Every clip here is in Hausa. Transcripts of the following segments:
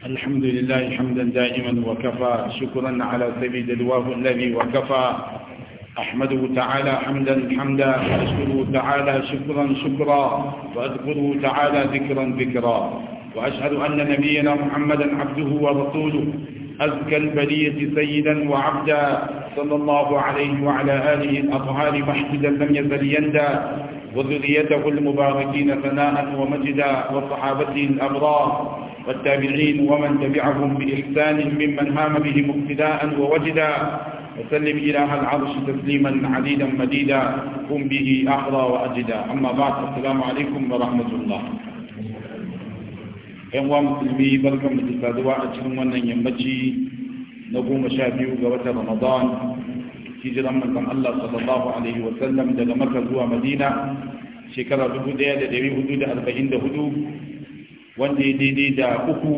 الحمد لله حمدا دائما وكفى شكرا على سبيل الواه الذي وكفى أحمده تعالى حمدا حمدا وأشكره تعالى شكرا شكرا وأذكره تعالى ذكرا ذكرا وأشهد أن نبينا محمدا عبده ورسوله أزكى البلية سيدا وعبدا صلى الله عليه وعلى آله الأطهار محددا لم يزل يندى وذريته المباركين ثناء ومجدا وصحابته الأبرار والتابعين ومن تبعهم بإحسان ممن هام بهم ابتداء ووجدا وسلم إله العرش تسليما عديدا مديدا قم به أحرى وأجدا أما بعد السلام عليكم ورحمة الله ‘yan uwa musulmi barkan mu da saduwa a cikin wannan hijiran manzon Allah sallallahu alaihi wa sallam daga Makka zuwa Madina shekara 1444 wanda ya daidai da uku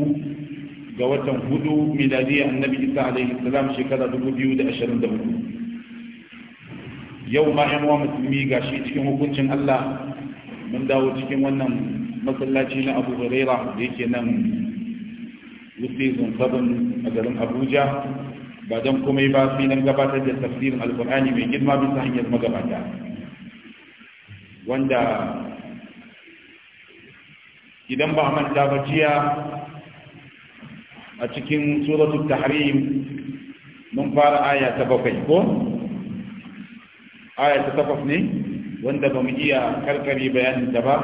ga watan hudu miladiyya annabi Isa alaihi salam shekara 2024 yau ma yan uwa musulmi gashi cikin hukuncin Allah mun dawo cikin wannan masallaci na Abu Hurairah da yake nan Wuce zunfabin a garin Abuja ba don komai ba sai nan gabatar da tafsirin alkur'ani mai girma bisa hanyar magabata wanda idan ba manta ba jiya a cikin suratul tahrim mun fara aya ta bakwai ko aya ta takwas ne wanda ba mu iya karkare bayanin ta ba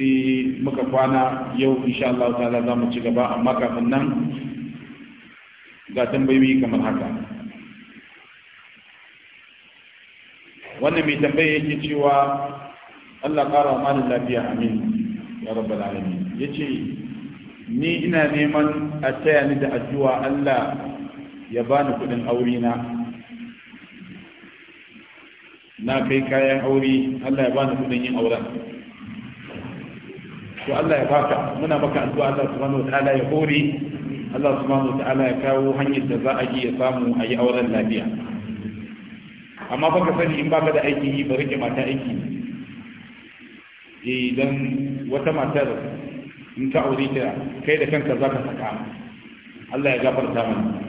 sai muka kwana yau insha Allah ta'ala za mu ci gaba amma kafin nan ga tambayoyi kamar haka wannan mai tambaya yake cewa Allah ƙara wa malin lafiya amin ya rabbal alamin ce ni ina neman a taya ni da addu'a Allah ya bani kuɗin aure na na kai kayan aure Allah ya bani kuɗin yin auren to Allah ya baka muna maka addu'a Allah subhanahu wa ta'ala ya hore Allah subhanahu ta'ala ya kawo hanyar da za a ji ya samu a yi auren lafiya amma fa sani in baka da aiki yi bari ke mata aiki Idan eh, wata matar in ta aure ta kai da kanka za ka saka Allah ya gafarta mana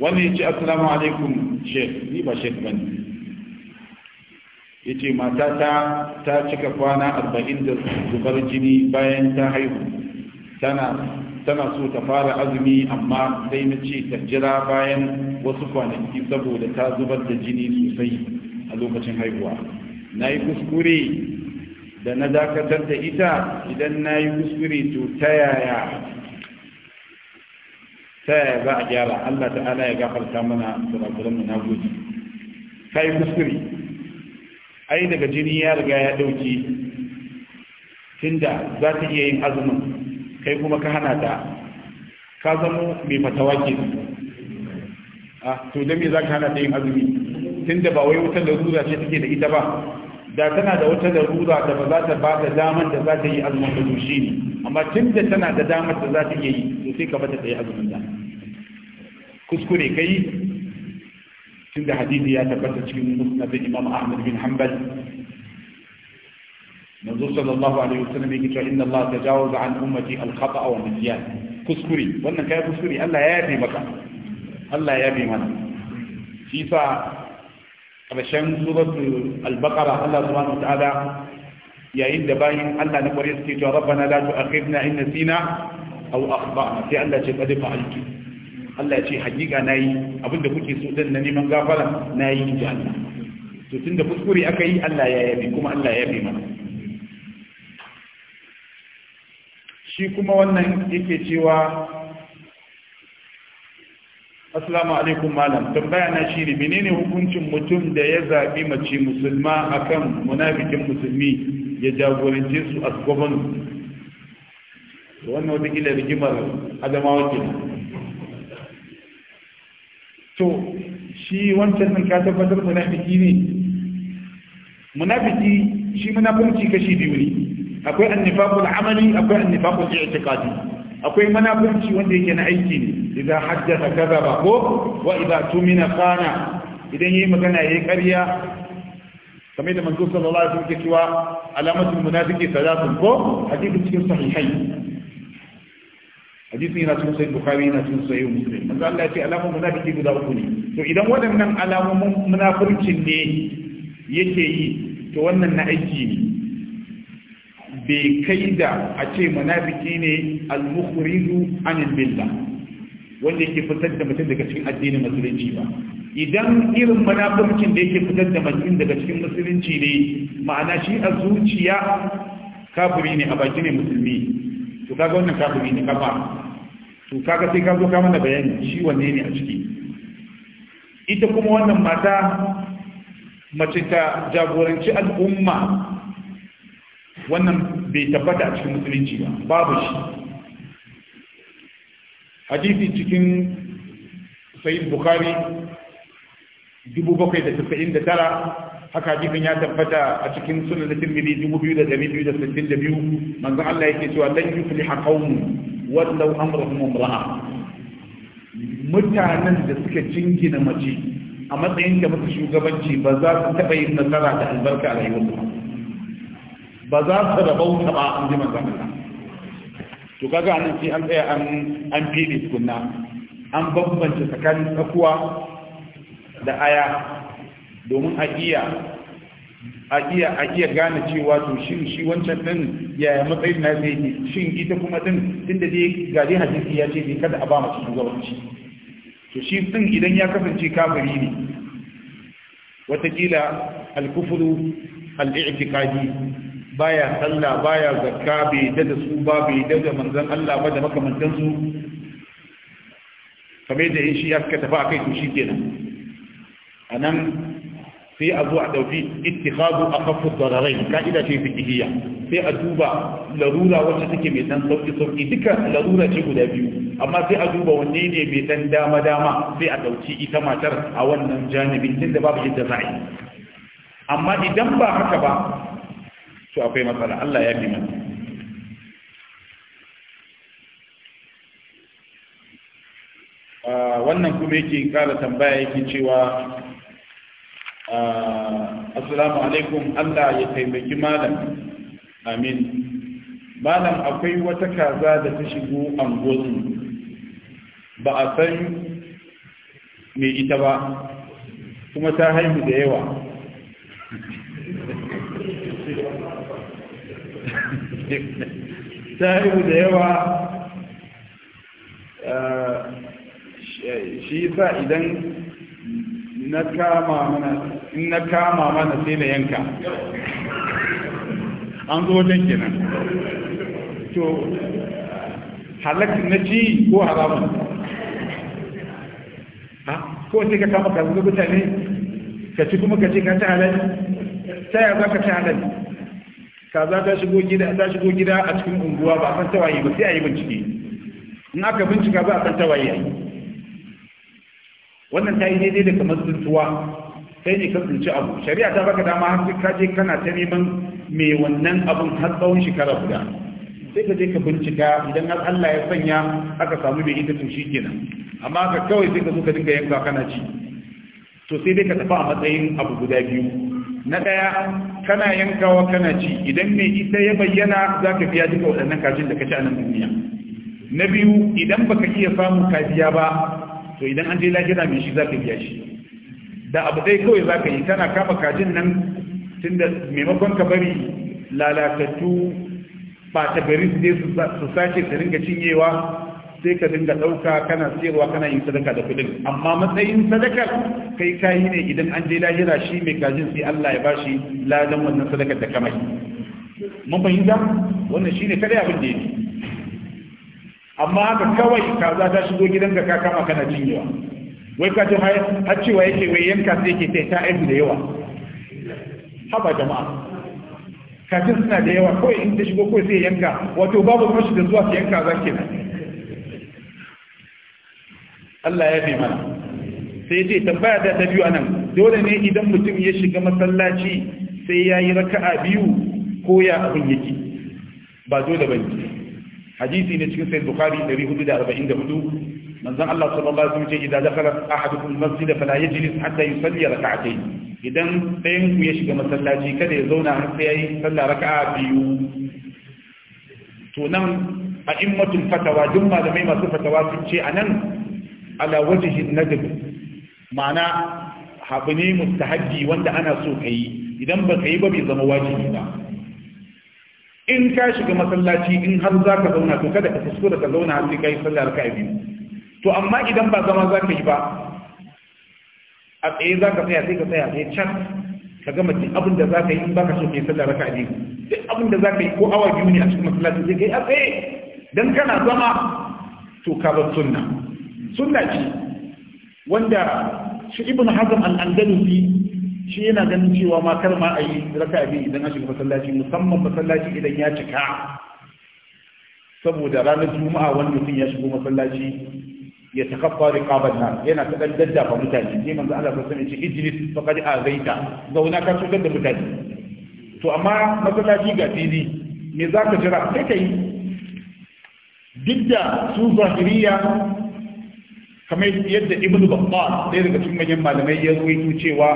wani ya ce assalamu alaikum shek ni ba shek bane ya ce mata ta cika kwana arba'in da zubar jini bayan ta haihu tana tana so ta fara azumi amma sai na ce ta jira bayan wasu kwanaki saboda ta zubar da jini sosai a lokacin haihuwa na yi kuskure da na dakatar da ita idan na yi kuskure to ta yaya ta yaya za a gyara allah ta'ala ya gafarta mana mu na gudu ka yi kuskure ai daga jini ya riga ya ɗauki tunda za ta iya yin azumin kai kuma ka hana ta ka zamo mai fatawakin ke a to da me za ka hana ta yin azumi tun da ba wai wutar larura ce take da ita ba da tana da wata larura da ba za ta ba da damar da za ta yi azumin da zushi ne amma tun da tana da damar da za ta iya yi to sai ka bata ta yi azumin da kuskure ka yi tun da hadisi ya tabbata cikin musnadin imam ahmad bin hanbal manzo sallallahu alaihi wasallam yake cewa inna Allah tajawaza an ummati al-khata wa nisyan kuskure wannan kai kuskure Allah ya yabe maka Allah ya yabe mana shi sa karshen suratul al-baqara Allah subhanahu wa ta'ala yayin da bayin Allah na kware suke cewa rabbana la tu'akhidna in nasina aw akhtana sai Allah ce qad fa'altu Allah ya ce hakika nayi abinda kuke so dan na neman gafara nayi ji Allah to tunda kuskure aka yi Allah ya yabe kuma Allah ya yabe mana shi kuma wannan yake cewa Assalamu alaikum malam tambaya na ne menene hukuncin mutum da ya zaɓi mace musulma akan munafikin musulmi ya jagorance su a gwamnati wannan wata ila rigimar adamawa ke to shi wancan nan ka tabbatar munafiki ne munafiki shi munafurci kashi biyu ne akwai annifaqul amali akwai annifaqul i'tiqadi akwai munafunci wanda yake na aiki ne idan haddatha kadhaba ko wa idan tumina khana idan yayi magana yayi ƙarya kamar da manzo sallallahu alaihi wasallam yake cewa alamatul munafiqi salatun ko hadisi cikin sahihai hadisi yana cikin sahih bukhari yana cikin sahih muslim manzo Allah ya ce alamun munafiki guda uku ne to idan waɗannan alamomin munafurcin ne yake yi to wannan na aiki ne bai kai da a ce munafiki ne al-mukhriju anil billah wanda yake fitar da mutum daga cikin addinin musulunci ba idan irin munafircin da yake fitar da mutum daga cikin musulunci ne ma'ana shi a zuciya kafiri ne a baki ne musulmi to kaga wannan kafiri ne kafa to kaga sai ka zo ka mana bayani shi wanne ne a ciki ita kuma wannan mata mace ta jagoranci al'umma wannan bai tabbata a cikin musulunci ba babu shi hadisi cikin sayin bukari 799 haka hadisin ya tabbata a cikin sunan da tirmidhi 2262 manzon Allah yake cewa lan yufliha qaumun wallau amrahum imra'a mutanen da suka jingina mace a matsayin ka muka shugabanci ba za su taɓa yin nasara da albarka a rayuwarsu ba za su rabauta ba an ji manzan Allah to kaga anan sai an tsaya an an fili tukunna an bambance tsakanin tsakuwa da aya domin a iya a iya a iya gane cewa to shin shi wancan din yaya matsayin na zai shin ita kuma din tunda dai ga dai hadisi ya ce ne kada a ba mace shugabanci to shi sun idan ya kasance kafiri ne watakila alkufuru al'i'tikadi baya sallah baya zakka bai dada su ba bai dada manzan Allah ba da makamantansu kamar da yin shi ya suka tafi akai to A anan sai a zo a ɗauki ittikhadu a kafu dararai ka'ida ce fikihiyya sai a duba larura wacce take mai ɗan sauƙi sauƙi duka larura ce guda biyu amma sai a duba wanne ne mai ɗan dama dama sai a ɗauki ita matar a wannan janibin tunda babu yadda za a yi amma idan ba haka ba to akwai matsala Allah ya fi mana ah, wannan kuma yake ƙara tambaya yake cewa Ah, assalamu alaikum Allah ya taimaki malam amin malam akwai wata kaza da ta shigo angozu ba a san me ita ba kuma ta haihu da yawa ta haihu da yawa ah, shi yasa idan na kama mana in na kama mana sai yanka an zo wajen kenan to halak na ci ko haramun ha ko sai ka kama ka zuga mutane ka ci kuma ka ce ka ci halal ta ya za ka ci halal za ta shigo gida ta shigo gida a cikin unguwa ba a san tawaye ba sai a yi bincike in aka bincika ba a san tawaye a yi wannan ta yi daidai da kamar tuntuwa sai ne ka tsinci abu shari'a ta baka dama har ka je kana ta neman me wannan abun har tsawon shekara guda sai ka je ka bincika idan har Allah ya sanya aka samu bai ita to kenan amma ka kawai sai ka zo ka dinga yanka kana ci to sai dai ka tafi a matsayin abu guda biyu na ɗaya kana yankawa kana ci idan mai ita ya bayyana za ka biya duka waɗannan kajin da ka ci a nan duniya na biyu idan baka iya samun kajiya ba to idan an je lahira mai shi za ka biya shi da abu dai kawai za ka yi tana kafa kajin nan tun da maimakon ka bari lalatattu ba ta gari su dai su sace su ringa cinyewa sai ka dinga ɗauka kana siyarwa kana yin sadaka da kuɗin amma matsayin sadakar kai kayi ne idan an je lahira shi mai kajin sai Allah ya bashi ladan wannan sadakar da kamar mun fahimta wannan shine kada abin da yake amma haka kawai kaza ta shigo gidanka ka kama kana cinyewa wai ka ji har cewa yake wai yanka sai yake sai ta aibu da yawa haba jama'a kafin suna da yawa kawai in ta shigo kawai sai yanka wato babu mashi da zuwa su yanka za ke nan. Allah ya fi mana sai ce tambaya da ta biyu anan dole ne idan mutum ya shiga masallaci sai ya yi raka'a biyu ko ya abin yake ba dole ba ne hadisi ne cikin sahih bukhari 444 manzon Allah sallallahu alaihi wasallam ce idan dakala ahadukum masjid fala yajlis hatta yusalli rak'atayn idan ɗayan ku ya shiga masallaci kada ya zauna har sai yayi sallah raka'a biyu to nan a immatul fatawa duk malamai masu fatawa sun ce anan ala wajhin nadab ma'ana habu ne mustahabbi wanda ana so kai idan ba kai ba bai zama wajibi ba in ka shiga masallaci in har za ka zauna to kada ka kuskura ka zauna har sai ka yi sallar ka biyu to amma idan ba zama za ka yi ba a tsaye za ka tsaya sai ka tsaya sai can ka gama duk abin da za ka yi in ba ka so ka yi sallar ka biyu duk abin da za ka yi ko awa biyu ne a cikin masallaci sai ka yi a tsaye dan kana zama to ka bar sunna sunna ce wanda shi ibn hazm al-andalusi shi yana ganin cewa ma ma a yi raka biyu idan an shiga masallaci musamman masallaci idan ya cika saboda ranar juma'a wani mutum ya shigo masallaci ya da riqaban nan yana ta ɗan daddafa mutane ne manzo Allah sai ka ce a zai azaita zauna ka cutar da mutane to amma masallaci ga fili me zaka jira kai kai duk da su zahiriya kamar yadda ibnu battal ɗaya daga cikin manyan malamai ya ruwaito cewa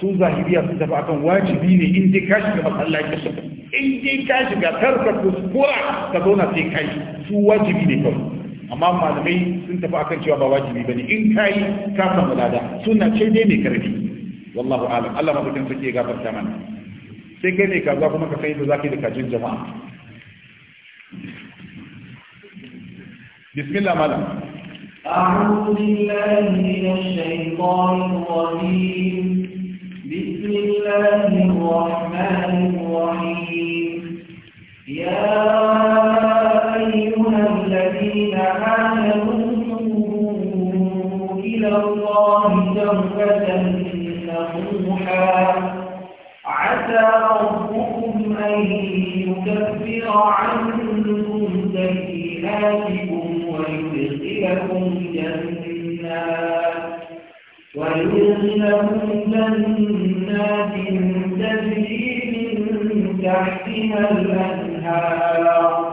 su zahiriya sun tafi akan wajibi ne in dai ka shiga masallaci in dai ka shiga karka kuskura ka zauna sai yi, su wajibi ne kawai amma malamai sun tafi akan cewa ba wajibi ba ne, in kai ka samu lada suna ce dai mai karfi wallahu alam Allah madaukin sake gafarta mana sai kai ne kaza kuma ka kai da zaka da kajin jama'a bismillah malam أعوذ بالله من الشيطان الرجيم بسم الله الرحمن الرحيم يا أيها الذين آمنوا إلى الله توبة نصوحا عسى ربكم أن يكفر عنكم سيئاتكم ويدخلكم جنات ويدخلهم جنات تجري من تحتها الأنهار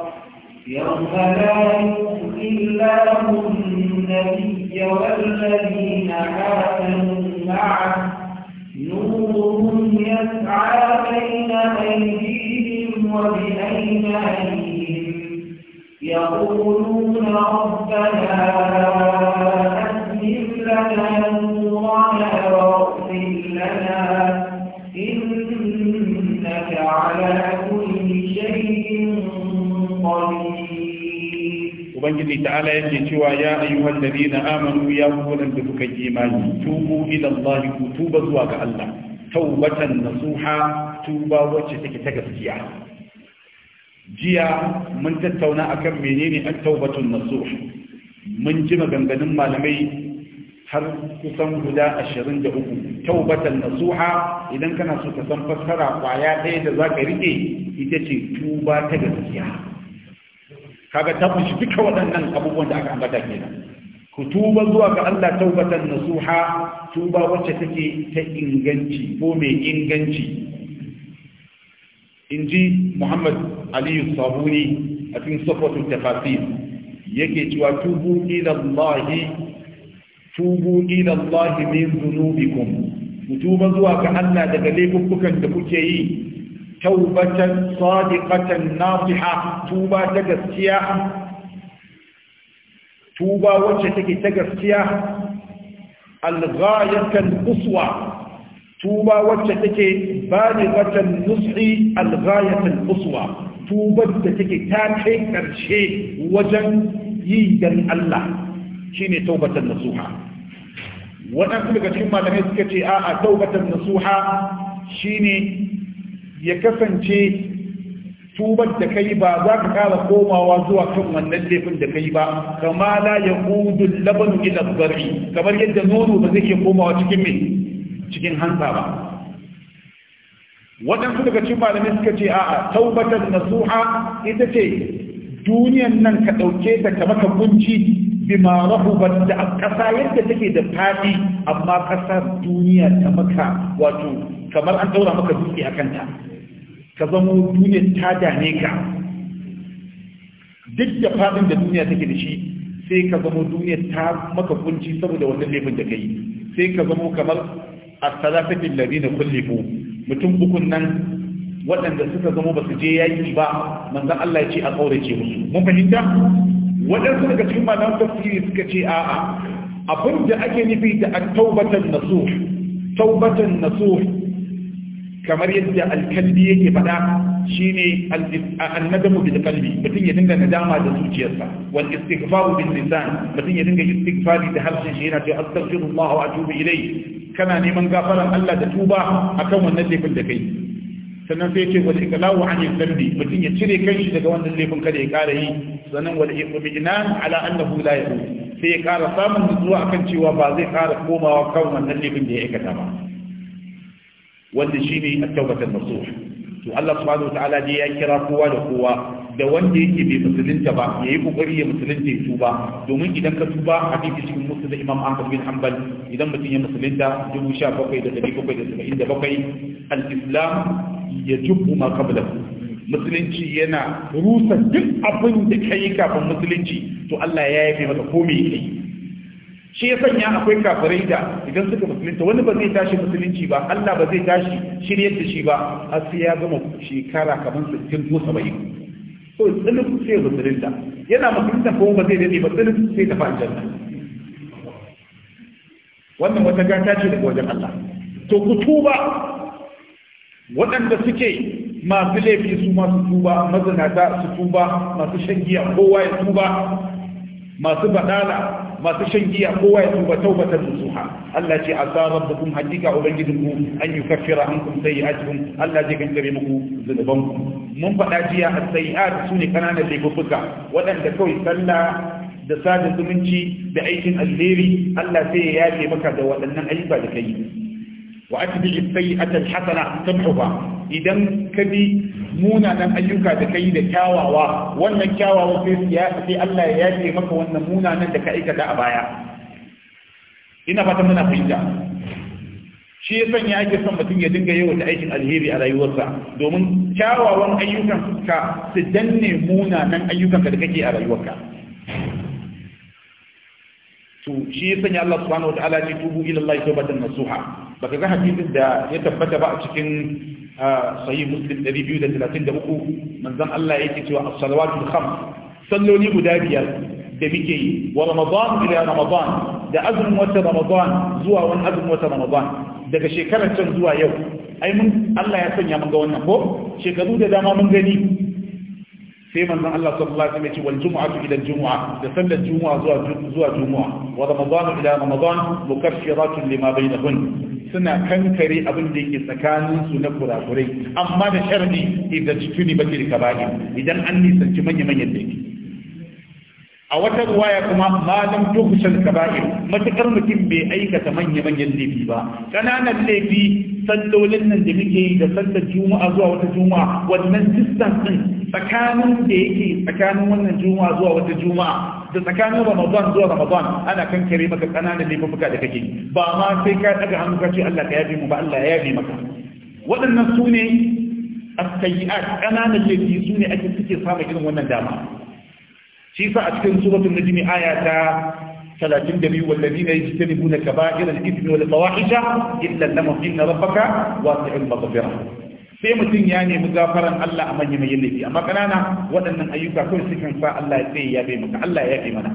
يوم لا يخزي الله النبي والذين آمنوا معه نورهم يسعى بين أيديهم وبأيمانهم يقولون ربنا ubangiji ta'ala yake cewa ya ayyuhal ladina amanu ya ku wadanda suka yi imani tubu ila Allah ku tuba zuwa ga Allah tawbatan nasuha tuba wacce take ta gaskiya jiya mun tattauna akan menene at-tawbatun nasuh mun ji maganganun malamai har kusan guda ashirin da uku taubatan nasuha idan kana so ka san fassara kwaya ɗaya da za ka riƙe ita ce tuba ta gaskiya kaga ta fushi duka waɗannan abubuwan da aka ambata kenan ku tuba zuwa ga Allah taubatan nasuha tuba wacce take ta inganci ko mai inganci in ji Muhammad Aliyu Sabuni a cikin Sufatu Tafasir yake cewa tubu ila Allah tubu ila Allah min dhunubikum zuwa ga Allah daga laifukan da kuke yi taubatan sadiqatan nasiha tuba ta gaskiya tuba wacce take ta gaskiya al-ghayatan quswa tuba wacce take balighatan nushi al-ghayatan quswa tubar da take ta kai karshe wajen yi dan Allah shine taubatan nasuha waɗansu daga cikin malamai suka ce a'a suha nasuha shine ya kasance tubar da kai ba za ka kara komawa zuwa kan wannan laifin da kai ba kama la ya kudu laban ila zari kamar yadda nono ba zai iya komawa cikin mai cikin hanta ba waɗansu daga cikin malamai suka ce a'a na nasuha ita ce duniyan nan ka ɗauke ta ka maka kunci bima rahubat da kasa yadda take da fadi amma kasar duniya ta maka wato kamar an daura maka dutse a kanta ka zamo duniya ta dane ka duk da fadin da duniya take da shi sai ka zamo duniya ta maka kunci saboda wannan laifin da kai sai ka zamo kamar as-salafatil ladina kullifu mutum ukun nan waɗanda suka zamo ba su je yaƙi ba manzon Allah ya ce a kaurace musu mun fahimta waɗansu daga cikin malaman tafsiri suka ce a'a abin da ake nufi da at-taubatan nasuh taubatan nasuh kamar yadda alkalbi yake faɗa shine annadamu bil qalbi mutum ya dinga nadama da zuciyarsa wal istighfaru bil lisan mutum ya dinga istighfari da harshen shi yana ce astaghfirullah wa atubu ilayh kana neman gafaran Allah da tuba akan wannan laifin da kai sannan sai ce wasu kalawu an yi zambi mutum ya cire shi daga wannan laifin kada ya kara yi sannan wal iqminan ala annahu la zo. sai ya kara samun nutsuwa akan cewa ba zai kara komawa kan wannan laifin da ya aikata ba wanda shine at-tawbatul nasuha to Allah subhanahu wa ta'ala ya kira kowa da kowa da wanda yake bai musulunta ba ya yi kokari ya musulunta ya tuba domin idan ka tuba hadisi cikin musu da imam ahmad bin hanbal idan mutum ya musulunta dubu sha bakwai da dari bakwai da saba'in da bakwai al-islam ya jubbu ma kabla musulunci yana rusa duk abin da ka yi kafin musulunci to allah ya yafe maka ko me kai shi ya sanya akwai kafirai da idan suka musulunta wani ba zai tashi musulunci ba Allah ba zai tashi shiryar da shi ba har sai ya gama shekara kamar 60 ko 70 so tsilin sai musulunta yana musulunta kuma ba zai dade ba tsilin sai tafi aljanna wannan wata gata ce daga wajen Allah to ku tuba waɗanda suke masu laifi su masu tuba mazinata su tuba masu shan giya kowa ya tuba masu badala masu shan giya kowa ya tuba taubatar nasuha Allah ce asa rabbukum hakika ubangijinku an yukaffira ankum sayi'atukum Allah zai kankare muku ku. mun faɗa jiya as-sayi'at sune kananan laifuka waɗanda kawai sallah da sada zumunci da aikin alheri Allah sai ya yafe maka da waɗannan ayyuka da kai wa atbi as Hassana al-hasana tamhuha idan ka bi munanan ayyuka da yi da kyawawa wannan kyawawa sai ya Allah ya yafe maka wannan munanan da ka aikata a baya ina fata muna fahimta shi ya sanya ake son mutum ya dinga yawan aikin alheri a rayuwarsa domin kyawawan ayyukan ka su danne munanan ayyukan ka da kake a rayuwarka to shi ya sanya Allah subhanahu wataala ya tubu ila Allah tawbatan nasuha baka ga hadisin da ya tabbata ba a cikin sahih muslim 233 manzon Allah yake cewa as-salawatul khams salloli guda biyar da muke yi wa ramadan ila ramadan da azumin wata ramadan zuwa wani azumin wata ramadan daga shekarar can zuwa yau ai mun Allah ya sanya mun ga wannan ko shekaru da dama mun gani sai manzon Allah sallallahu alaihi wasallam ya ce wal jumu'atu ila jumu'a da sallar jumu'a zuwa zuwa jumu'a wa ramadan ila ramadan mukaffiratun lima bainahun suna kankare abin da yake tsakanin su na kurakurai amma da sharadi idan tuni bakin kaba'ir idan an nisanci manya-manyan laifi a wata ruwaya kuma malam tukushan kaba'ir matukar mutum bai aikata manya-manyan laifi ba Ƙananan laifi sallolin nan da muke yi da sallar juma'a zuwa wata juma'a wannan distance din tsakanin da yake tsakanin wannan juma'a zuwa wata juma'a da tsakanin ramadan zuwa ramadan ana kankare maka ƙananan laifuka da kake ba ma sai ka daga hannu ka ce Allah ka yabe mu ba Allah ya yabe maka waɗannan su ne as-sayyi'at ƙananan laifi su ne ake suke samun irin wannan dama shi sa a cikin suratul najmi aya ta ثلاثين دبي والذين يجتنبون كبائر الإثم والفواحش إلا لهم إن ربك واسع المغفرة sai mutum ya nemi gafaran Allah a manyan mai laifi amma ƙanana waɗannan ayyuka kawai sukan sa Allah ya tsaye ya bai maka Allah ya yafe mana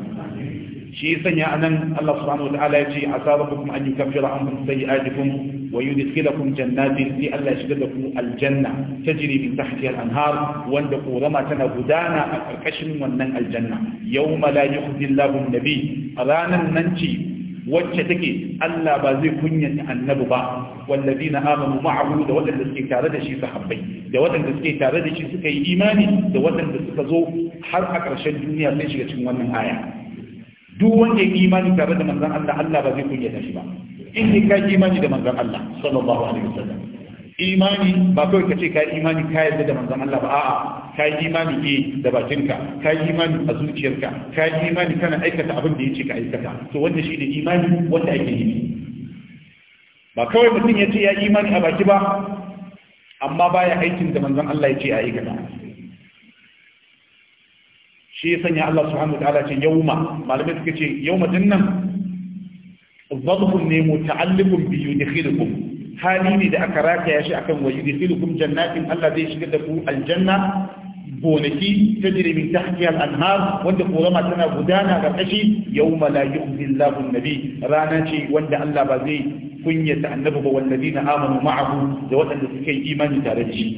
shi sanya anan Allah subhanahu wa ta'ala ya ce asabakum an yukaffira ankum sayyi'atikum ويدخلكم جنات في ألا يشددكم الجنة تجري من تحتها الأنهار واندقوا رمتنا هدانا أكشن ونن الجنة يوم لا يخزي الله النبي رانا ننشي وجهتك ألا بازي كنية النببا والذين آمنوا معه دوات الدسكي تاردشي صحبي دوات الدسكي تاردشي سكي إيماني دوات الدسكي زو حرقك رشد الدنيا ليش يتشمون من آية duk wanda ya imani tare da manzan Allah Allah ba zai kunyata shi ba in ne ka imani da manzon Allah sallallahu alaihi wasallam imani ba kawai ka ce ka imani ka yarda da manzon Allah ba a'a ka yi imani ke eh, da bakinka ka yi imani a zuciyarka ka yi imani kana aikata abin da yace ka aikata to wanda shi ne imani wanda ake yi ba kawai mutum ya ce ya imani a baki ba amma baya aikin da manzon Allah ya ce a aikata shi ya sanya Allah subhanahu wa ta'ala ce yauma malamai suka ce yauma dinnan ظرف ne biyu da yudkhilukum hali ne da aka rataya shi akan da yudkhilukum jannatin Allah zai shiga da ku aljanna gonaki ta jirimin ta hakiyar anhar wanda korama tana gudana ga kashi yau malayun billahun nabi rana ce wanda Allah ba zai kunyata annabi ba wallazi na amanu ma'ahu da waɗanda suka yi imani tare da shi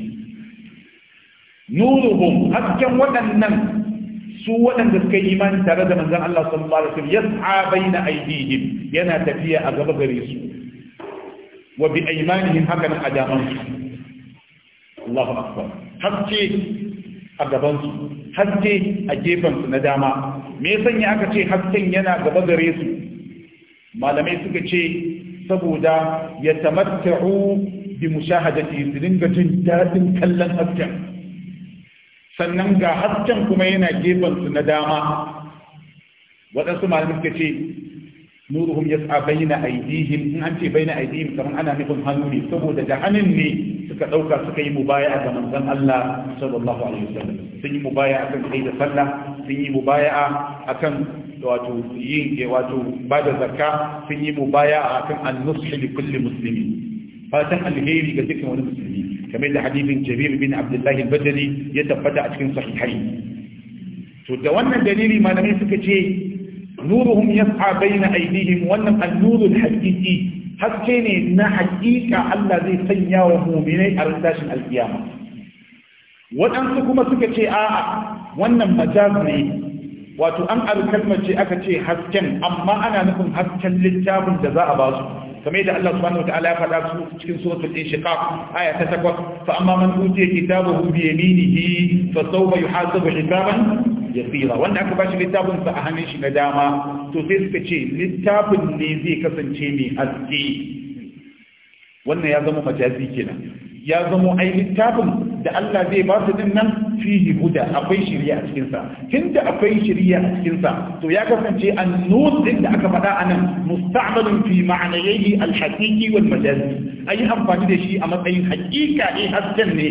nuruhum hasken waɗannan su waɗanda suka yi imani tare da manzon Allah sallallahu alaihi ya yas'a baina aydihim yana tafiya a gaba gare su wa bi aymanihim haka nan a daman su akbar a gaban su haske a gefen su na dama me ya sanya aka ce hasken yana gaba gare su malamai suka ce saboda ya tamatta'u bi mushahadati su dinga jin dadin kallon hasken sannan ga hasken kuma yana gefansu na dama waɗansu malamin suka ce nuruhum yas'a baina aydihim in an ce baina aydihim kaman ana nufin hannu ne saboda da hannun ne suka ɗauka suka yi a ga manzon Allah sallallahu alaihi wasallam sun yi mubaya'a akan kai da sallah sun yi mubaya'a akan wato yin wato bada zakka sun yi mubaya'a akan an-nush li kulli muslimi fatan alheri ga dukkan wani musulmi kamar da hadisin Jarir bin Abdullahi badani ya tabbata a cikin sahihai to da wannan dalili malamai suka ce nuruhum yas'a baina aydihim wannan an-nurul haqiqi haske ne na haqiqa Allah zai sanya wa mu'minai a rasashin al-qiyama waɗansu kuma suka ce a'a wannan majaz ne wato an alkalmar ce aka ce hasken amma ana nufin hasken littafin da za a ba su kamar yadda Allah subhanahu wataala ya faɗa su cikin suratul inshiqaq aya ta takwas. fa amma man utiya kitabahu bi yaminihi fa sawfa yuhasabu hisaban yasira wanda aka bashi littafin sa a hannun shi na dama to sai suka ce littafin ne zai kasance mai haske wannan ya zama majazi kenan ya zamo ai littafin da Allah zai ba su din nan fihi huda akwai shirya a cikinsa tunda akwai shirya a cikinsa to ya kasance annus din da aka faɗa anan musta'malun fi alhakiki alhaqiqi wal majazi ai amfani da shi a matsayin haqiqa ne hasken ne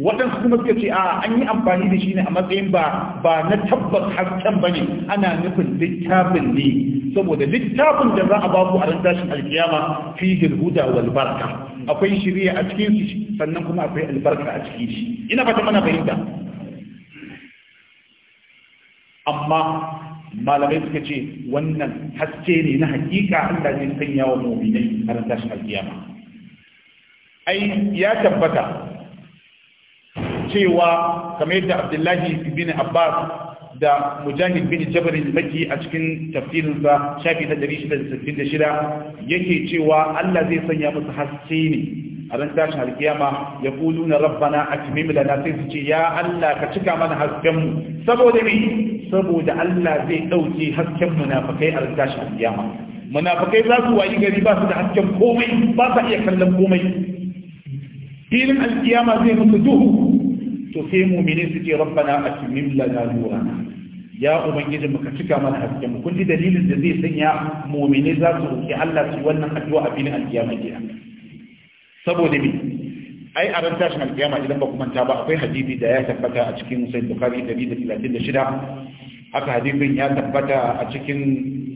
waɗansu kuma suka ce a an yi amfani da shi ne a matsayin ba ba na tabbas harshen ba ne ana nufin littafin ne saboda littafin da za a ba ku a ran tashin alkiyama fi huda wal barka akwai shirya a cikin shi sannan kuma akwai albarka a cikin shi ina fata mana fahimta amma malamai suka ce wannan haske ne na hakika Allah ne sanya wa mu'minai a ran tashin alkiyama ai ya tabbata cewa kamar yadda abdullahi bin abbas da mujahid bin jabarin maki a cikin tafsirinsa shafi na 666 yake cewa allah zai sanya musu haske ne a ran tashin alkiyama ya kulu na rabbana a timim da na sai su ce ya Allah ka cika mana haskenmu saboda me saboda Allah zai ɗauke hasken munafakai a ran tashin alkiyama munafakai za su wayi gari ba su da hasken komai ba sa iya kallon komai filin alkiyama zai musu duhu to sai mu'mini suke rabbana atmim lana nurana ya ubangiji muka cika mana hasken mu kun ji dalilin da zai sanya mu'mini za su roki Allah su wannan addu'a a filin alkiyama kenan saboda me ai a ran tashin alkiyama idan ba ku manta ba akwai hadisi da ya tabbata a cikin sahih bukhari 136 haka hadisin ya tabbata a cikin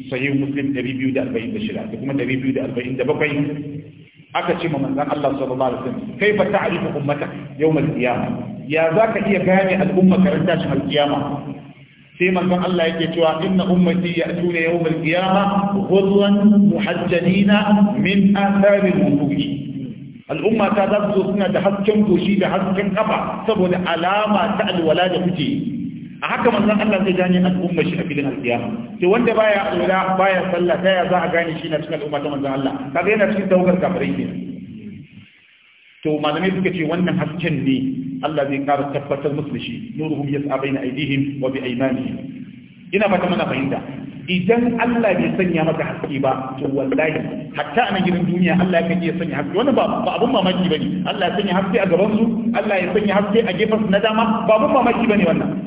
sahih muslim 246 da kuma 247 aka ce ma manzon Allah sallallahu alaihi wasallam kaifa ta'rifu ummatak yawm al-qiyamah ya zaka iya gane al'umma karanta tashin al-qiyama sai manzon Allah yake cewa inna ummati ya'tuna yawm al-qiyamah ghudwan muhajjalina min athari al-wudu'i al'umma ta za su zo suna da hasken goshi da hasken kafa saboda alama ta alwala da kuke a haka manzon Allah zai gane al'umma shi a filin alkiyama to wanda baya alwala baya sallah ta ya za a gane shi na cikin al'umma ta manzon Allah kaga yana cikin daukar kafirai ne to malamai suka ce wannan hasken ne Allah zai ƙara tabbatar musu da shi nuruhum yas'a baina aydihim wa bi aymanihim ina fata mana fahimta idan Allah bai sanya maka haske ba to wallahi hatta a gidan duniya Allah ya kan ya sanya haske wannan ba abun mamaki bane Allah ya sanya haske a gaban su Allah ya sanya haske a gefen su na dama ba abun mamaki bane wannan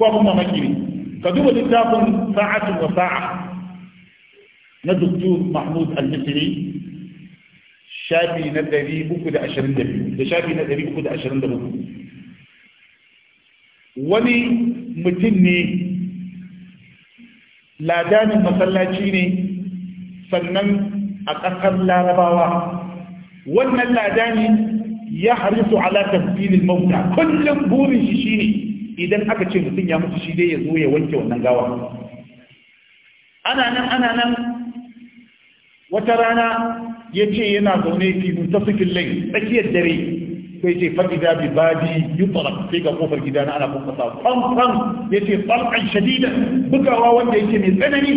ko abin mamaki ne ka duba littafin sa'atun wa sa'a na doktor mahmud al-misri shafi na ɗari uku da ashirin da biyu da shafi na ɗari uku da ashirin da uku wani mutum ne ladanin masallaci ne sannan a ƙasar larabawa wannan ladani ya harisu ala tafsirin mauta kullum burin shi shine idan aka ce mutum ya mutu shi dai ya zo ya wanke wannan gawa ana nan ana nan wata rana ya ce yana zaune fi sukin lai tsakiyar dare sai ce bi babi yutara sai ga kofar gida na ana kofasa kwan-kwan ya ce falkan shadida bugawa wanda yake mai tsanani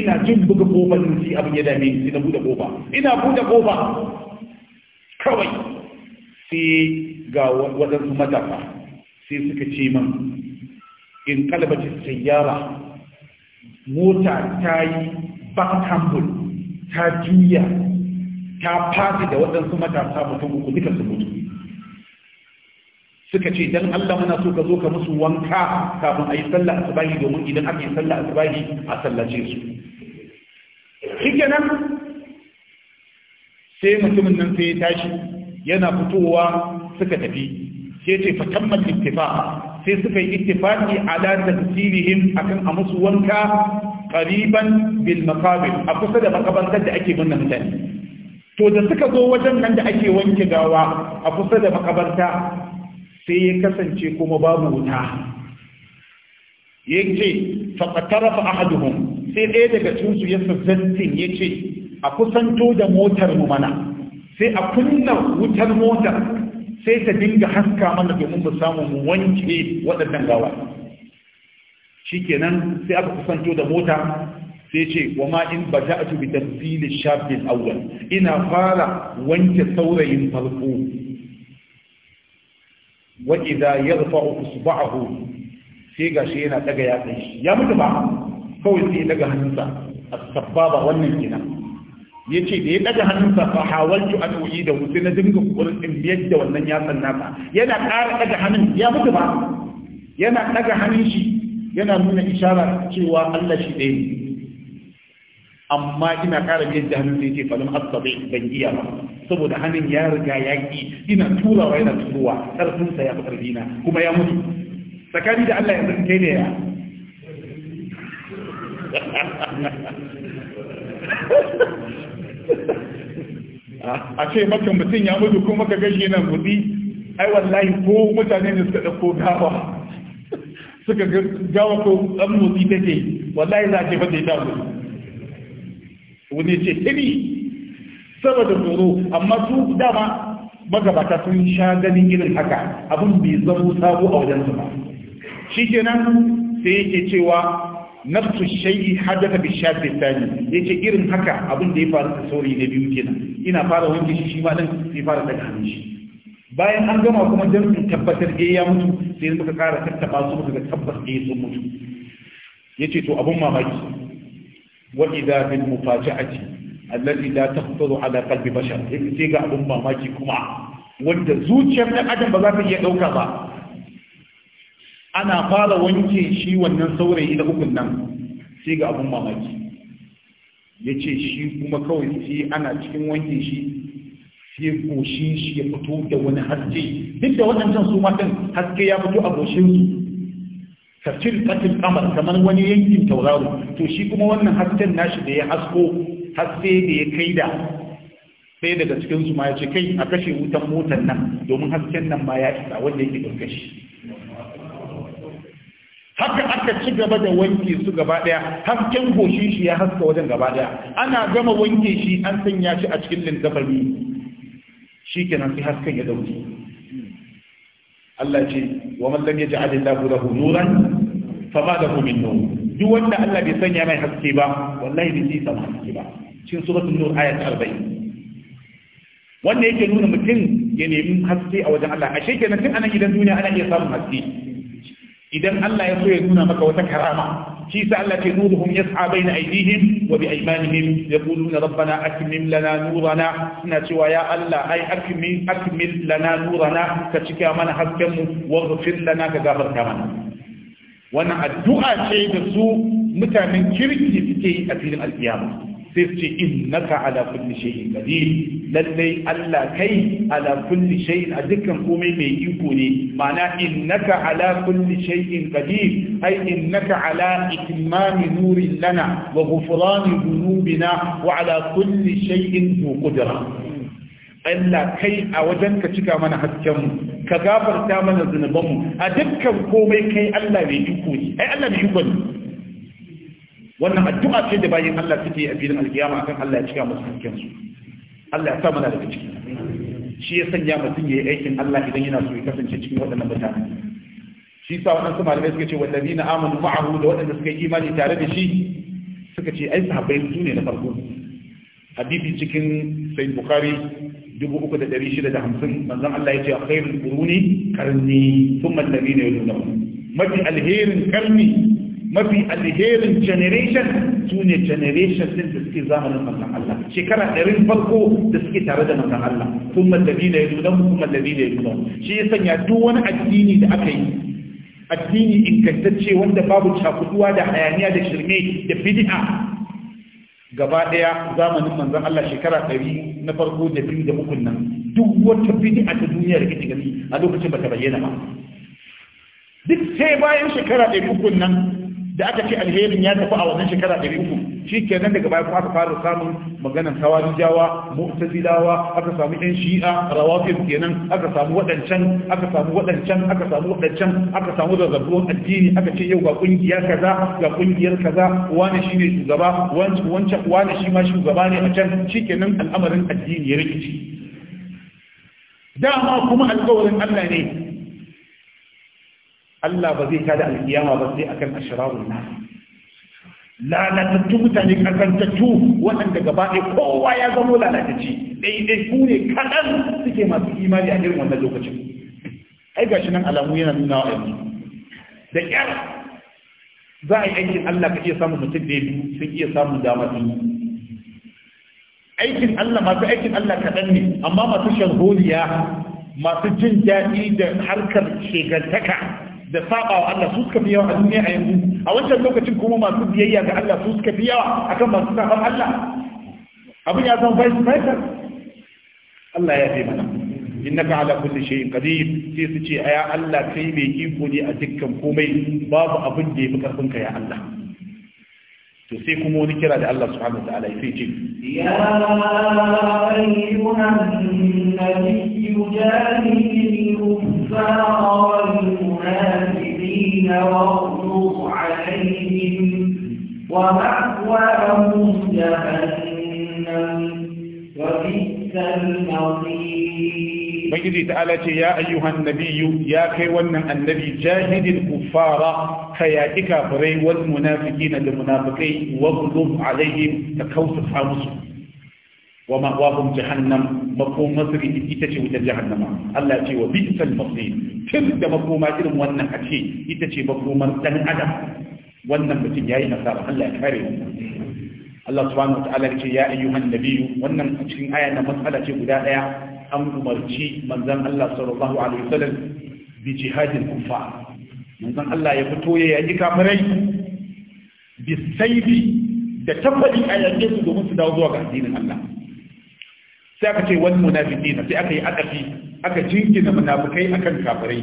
ina jin buga kofar nufi abin ya dame ni na buɗe kofa ina buɗe kofa kawai sai ga wadansu matafa sai suka ce man in kalbata sayyara mota ta yi bakambul ta juya ta fadi da waɗansu matasa mutum uku duka su mutu suka ce dan Allah muna so ka zo ka musu wanka kafin a yi sallah asubahi domin idan aka yi sallah asubahi a sallace su shikenan sai mutumin nan sai ya tashi yana fitowa suka tafi sai ce fatamman ittifaq sai suka yi a ala tafsilihim akan a musu wanka ƙariban bil a kusa da makabantar da ake binne mutane to da suka zo wajen nan da ake wanke gawa a kusa da makabarta sai ya kasance kuma babu wuta ya ce faƙatarafa ahaduhum sai ɗaya daga cinsu ya sassantin ya ce a kusanto da motar mu mana sai a kunna wutar motar sai ta dinga haska mana domin mu samu mu wanke waɗannan gawa shikenan sai aka kusanto da mota sai ce wa ma in bada'tu bi tanzil shabil awwal ina fara wanke saurayin farko wa idha yarfa'u usba'ahu sai gashi yana daga yatsa shi ya mutu ba kawai sai daga hannunsa as-sababa wannan kenan ya ce da ya ɗaga hannunsa fa hawaltu an uyi da wuce na dinga kurin in biyar da wannan yatsan nasa yana ƙara ɗaga hannun ya mutu ba yana ɗaga hannun shi yana nuna isharar cewa Allah shi ɗaya ne amma ina ƙara biyar da hannun sai ce falon asabe ban iya ba saboda hannun ya riga ya ƙi ina turawa yana turowa ƙarfinsa ya fi ƙarfina kuma ya mutu tsakani da Allah ya yanzu kai ne ya a ce maka mutum ya mutu kuma ka gashi yana mutsi ai wallahi ko mutane ne suka dauko gawa suka gawa ko ɗan mutu take wallahi za ce bata ta mutu wani ce tiri saboda tsoro amma su dama magabata sun sha ganin irin haka abin bai zama sabo a wajen su ba shi kenan sai yake cewa nafsu shayi haddata bi shafi tani ya ce irin haka abin da ya faru da saurayi na biyu kenan ina fara wanke shi shi ma din sai fara daga hannun shi bayan an gama kuma dan tabbatar ga ya mutu sai muka kara tattaba su muka ga tabbas da sun mutu ya ce to abin mamaki wa idha bil mufaja'ati allati la taqtaru ala qalbi bashar sai ga abin mamaki kuma wanda zuciyar dan adam ba za ta iya ɗauka ba ana fara wanke shi wannan saurayi da hukun nan sai ga abun mamaki ya ce shi kuma kawai sai ana cikin wanke shi sai goshin shi ya fito da wani haske duk da waɗancan su matan haske ya fito a goshin su kafin katin kamar kamar wani yankin tauraro to shi kuma wannan hasken nashi da ya hasko haske da ya kai da sai daga cikin su ma ya ce kai a kashe wutan motan nan domin hasken nan ma ya isa wanda yake shi. haka aka ci gaba da wanke su gaba daya hasken goshin shi ya haska wajen gaba daya ana gama wanke shi an sanya shi a cikin linzafari shi kenan sai hasken ya dauke Allah ce wa man lam yaj'al Allahu lahu nuran fama lahu min nur duk wanda Allah bai sanya mai haske ba wallahi bai yi sama haske ba cikin suratul nur ayat 40 wanda yake nuna mutum ya nemi haske a wajen Allah ashe kenan tun anan gidan duniya ana iya samun haske idan Allah ya so ya nuna maka wata karama shi sa Allah ke nuruhum yas'a baina aydihim wa bi aymanihim yaquluna rabbana akmil lana nurana suna cewa ya Allah ai akmil akmil lana nurana ka cika mana hasken mu waghfir lana ka gafarta mana wannan addu'a ce da su mutanen kirki suke yi a filin alkiyama sai su ce innaka ala kulli shay'in qadir lallai Allah kai ala kulli shay'in a dukkan komai mai iko ne ma'ana innaka ala kulli shay'in qadir ai innaka ala itmami nurin lana wa ghufrani dhunubina wa ala kulli shay'in zu qudra Allah kai a wajen ka cika mana haskenmu ka gafarta mana zunubanmu a dukkan komai kai Allah mai iko ne ai Allah mai iko ne wannan addu'a ce da bayan Allah suke a filin alkiyama akan Allah ya cika musu hakkin su Allah ya sa mana daga ciki shi ya sanya mutum ya yi aikin Allah idan yana so ya kasance cikin waɗannan mutane shi sa waɗansu malamai suka ce wallazina amanu ma'ahu da waɗanda suka yi imani tare da shi suka ce ai sahabbai su ne na farko hadisi cikin sai bukari 3650 manzon Allah ya ce khairul quruni qarni thumma alladhina yalunhum mafi alherin karni mafi alherin generation su ne generation din da suke zamanin manzan Allah shekara ɗarin farko da suke tare da manzan Allah sun mallabi da ya nuna kuma mallabi da ya nuna shi ya sanya duk wani addini da aka yi addini ingantacce wanda babu cakuduwa da hayaniya da shirme da bid'a gaba ɗaya zamanin manzan Allah shekara ɗari na farko da biyu da ukun nan duk wata bid'a ta duniya da kake gani a lokacin ba ta bayyana ba duk sai bayan shekara ɗari ukun nan da aka ce alherin ya tafi a wannan shekara ɗari uku shi kenan daga baya aka fara samun maganan tawarijawa mu'tazilawa aka samu yan shi'a rawafid kenan aka samu waɗancan aka samu waɗancan aka samu waɗancan aka samu zazzabuwan addini aka ce yau ga kungiya kaza ga ƙungiyar kaza wani shi ne shugaba wancan wani shi ma shugaba ne a can shi kenan al'amarin addini ya rikici dama kuma alƙawarin Allah ne Allah ba zai tada alkiyama ba sai akan ashrarun nas lalatattu mutane kasantattu waɗanda gaba ɗaya kowa ya zamo lalatacci ɗaiɗai ku ne kaɗan suke masu imani a irin wannan lokacin ai gashi nan alamu yana nuna wa yanzu da ƙyar za a yi aikin Allah ka iya samun mutum ɗaya biyu sun iya samun damar aikin Allah masu aikin Allah kaɗan ne amma masu sharholiya masu jin daɗi da harkar shegantaka da saba wa Allah su suka fi yawa a duniya a yanzu a wancan lokacin kuma masu biyayya ga Allah su suka fi yawa akan masu sabon Allah abin ya zama vice versa Allah ya fi mana innaka ala kulli shay'in qadir sai su ce aya Allah kai mai iko ne a dukkan komai babu abin da yafi karfin ka ya Allah to sai kuma wani kira da Allah subhanahu wa ta'ala sai ce ya ayyuhan nabiyyu jahidil الكفار والمنافقين واغلظ عليهم ومأواهم جهنم وبئس المصير بيجي تعالى يا أيها النبي يا كيوان النبي جاهد الكفار كياتك كافرين والمنافقين المنافقين واغلظ عليهم تكوسف حامسهم wa ma'wahum jahannam makoma su ita ce wutar jahannama Allah ce wa bi'sal masir tun da makoma irin wannan a ce ita ce makomar dan adam wannan mutum yayi nasara Allah ya kare mu Allah subhanahu wataala ce ya ayyuhan nabiyyu wannan a cikin aya na matsala ce guda daya an umarci manzon Allah sallallahu alaihi wasallam bi jihadil kuffar manzon Allah ya fito ya yi kafirai bi da tabbali a yanke su domin su dawo zuwa ga addinin Allah sai aka ce wal munafiqina sai aka yi adafi aka jingina munafikai akan kafirai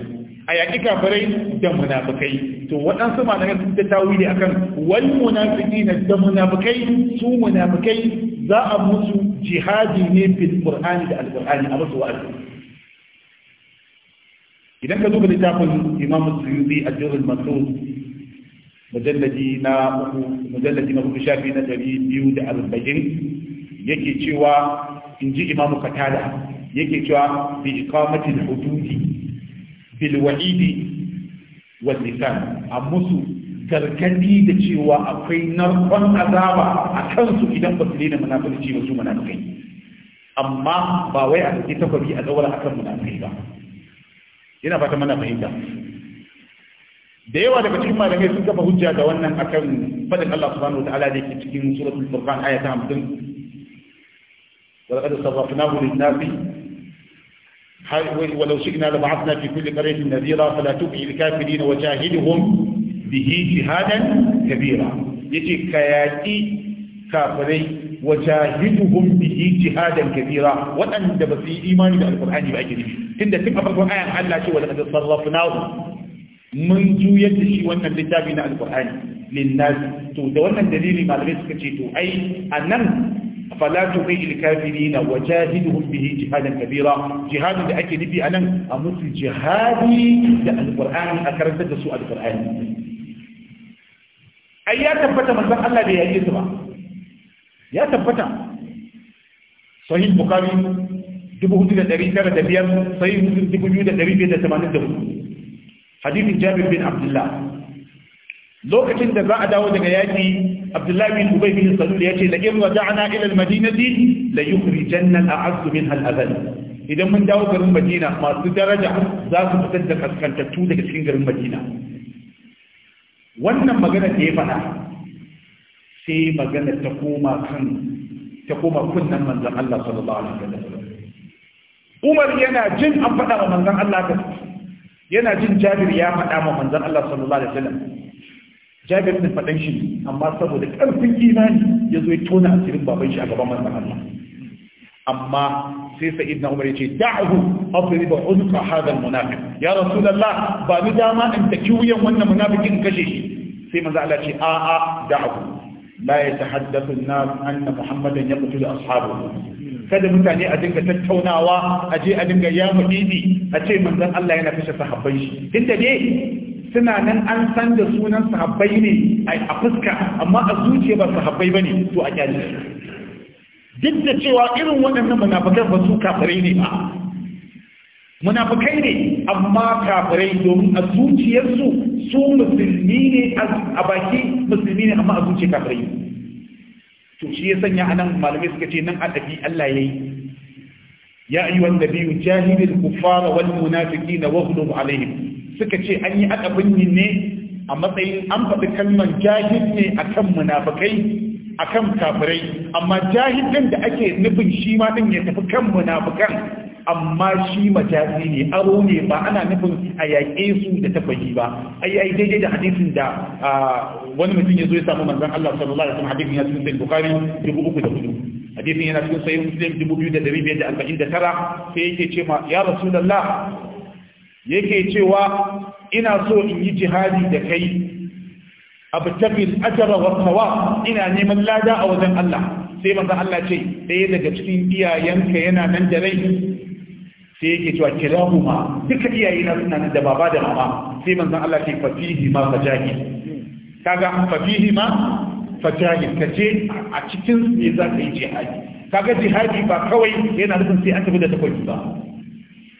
a yaƙi kafirai da munafikai to waɗansu malamai sun ta tawili akan wal munafiqina da munafikai su munafikai za a musu jihadi ne fil qur'ani da alqur'ani a musu wa'azi idan ka duba littafin imam suyuti a jirin masud mujalladi na uku mujalladi na uku shafi na ɗari biyu da arba'in yake cewa in ji imamu katada yake cewa bi ikamatin hududi bil wa'idi wal lisan a musu gargadi da cewa akwai narkon azaba a kansu idan ba su daina munafurci ba su munafukai amma ba wai a saki takwabi a tsawar akan munafukai ba yana fata mana fahimta da yawa daga cikin malamai sun kafa hujja da wannan akan fadin Allah subhanahu wa ta'ala da yake cikin suratul furqan ayata 50 ولقد صرفناه للناس ولو شئنا لبعثنا في كل قرية نذيرا فلا تبعي الكافرين وجاهدهم به جهادا كبيرا يجي كياتي كافري وجاهدهم به جهادا كبيرا وأن في إيمان بالقرآن بأجله إن تبقى القرآن على شيء ولقد صرفناه mun juyar da shi wannan littafi na alkur'ani linnas to da wannan dalili malamai suka ce to ai a nan fala tuqil kafirina wa jahidhum bihi jihadan kabira jihadin da ake nufi anan a musu jihadi da alqur'ani a karanta da su alqur'ani ai ya tabbata manzon Allah bai yayi su ba ya tabbata sahih bukhari 4905 sahih muslim 2584 hadisin jabir bin abdullah lokacin da za a dawo daga yaki abdullahi bin ubay bin salul yace la in raja'na ila al-madinati la yukhrijanna al-a'azz minha al-adhall idan mun dawo garin madina masu daraja za su fitar da kaskantattu daga cikin garin madina wannan magana da ya faɗa sai magana ta koma kan ta koma kunnan manzon Allah sallallahu alaihi wasallam Umar yana jin an faɗa wa manzon Allah ka yana jin Jabir ya faɗa wa manzon Allah sallallahu alaihi wasallam jabir din faɗan shi amma saboda ƙarfin imani ya zo ya tona asirin baban shi a gaban manzon Allah amma sai na Umar ya ce da'ahu adrib unqa hadha almunafiq ya rasulullah ba ni dama in taki wuyan wannan munafikin kashe shi sai manzon Allah ce a a da'ahu la yatahaddathu an-nas anna muhammadan yaqtulu ashabahu kada mutane a dinga tattaunawa a je a dinga yamu didi a ce manzan Allah yana kashe sahabban shi tunda ne suna nan an san da sunan sahabbai ne a fuska amma a zuciya ba sahabbai ba ne to a kyale duk da cewa irin waɗannan munafikai ba su kafirai ne ba munafikai ne amma kafirai domin a zuciyarsu su musulmi ne a baki musulmi ne amma a zuciya kafirai to shi ya sanya anan malamai suka ce nan a Allah ya yi. ya ayyuhan nabiyyu jahidil kuffara wal munafiqina waghlub alaihim suka ce an yi adabin ne ne a matsayin an faɗi kalmar jahil ne akan munafikai akan kafirai amma jahilin da ake nufin shi ma din ya tafi kan munafikan amma shi majazi ne aro ne ba ana nufin a yaƙe su da tafayi ba ai ai daidai da hadisin da wani mutum ya zo ya samu manzon Allah sallallahu alaihi wasallam hadisin ya cikin sahih bukhari dubu uku da hudu hadisin yana cikin sahih muslim dubu biyu da dari biyar da arba'in da tara sai yake ce ma ya rasulullah yake cewa ina so in yi jihadi da kai abtabil ajra wa thawa ina neman lada a wajen Allah sai manzo Allah ce ɗaya daga cikin iyayenka yana nan da rai sai yake cewa ma duka iyayena suna nan da baba da mama sai manzo Allah ce fafihi ma fajahi kaga fafihi ma fajahi kace a cikin me za ka yi jihadi kaga jihadi ba kawai yana nufin sai an tafi da takobi ba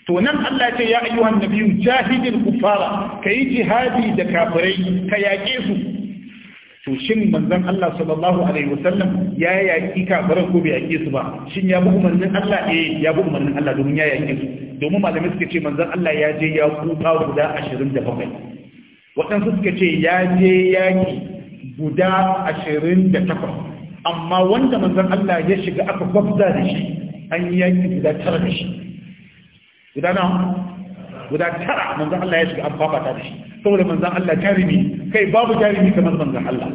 to nan Allah ce ya ayyuhan nabiyyu jahidil kufara kai jihadi da kafirai ka yaƙe su to shin manzon Allah sallallahu alaihi wasallam ya yaƙi kafiran ko bai yaƙe su ba shin ya bi umarnin Allah eh ya bi umarnin Allah domin ya yaƙe su domin malamai suka ce manzon Allah ya je ya kuka guda 27 waɗansu suka ce ya je yaƙi guda 28 amma wanda manzon Allah ya shiga aka gwabza da shi an yaƙi guda tara da shi guda na guda tara manzan Allah ya shiga an fafata da shi saboda manzan Allah jarumi kai babu jarumi kamar manzan Allah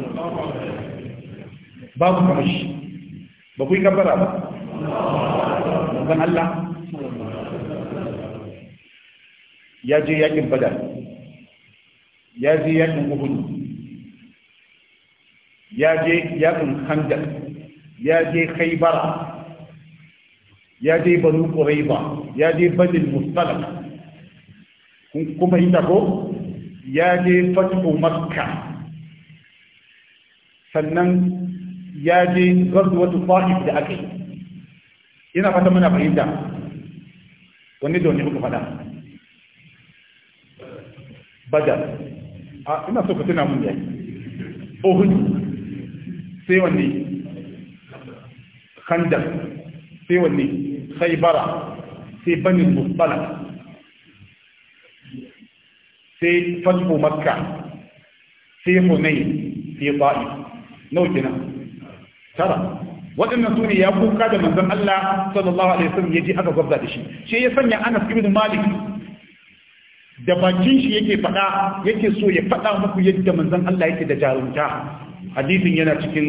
babu kamar shi ba ku yi kabbara ba manzan Allah ya je yakin badar ya je yakin uhud ya je yakin khandaq ya je khaybara ya je banu quraiba ya je banil mustalaq kun kuma ko ya je fatu makka sannan ya je ghazwatu fahid da akai ina fata muna fahimta wani da wani muka fada badar a ina mun sai wanne sai bara sai banin mustalaq sai fathu makka sai hunayn sai ta'if nau kenan tara waɗannan su ne ya kuka da manzan Allah sallallahu alaihi wasallam yaji aka gwabza da shi shi ya sanya Anas ibn Malik da bakin shi yake faɗa yake so ya faɗa muku yadda manzan Allah yake da jarumta hadisin yana cikin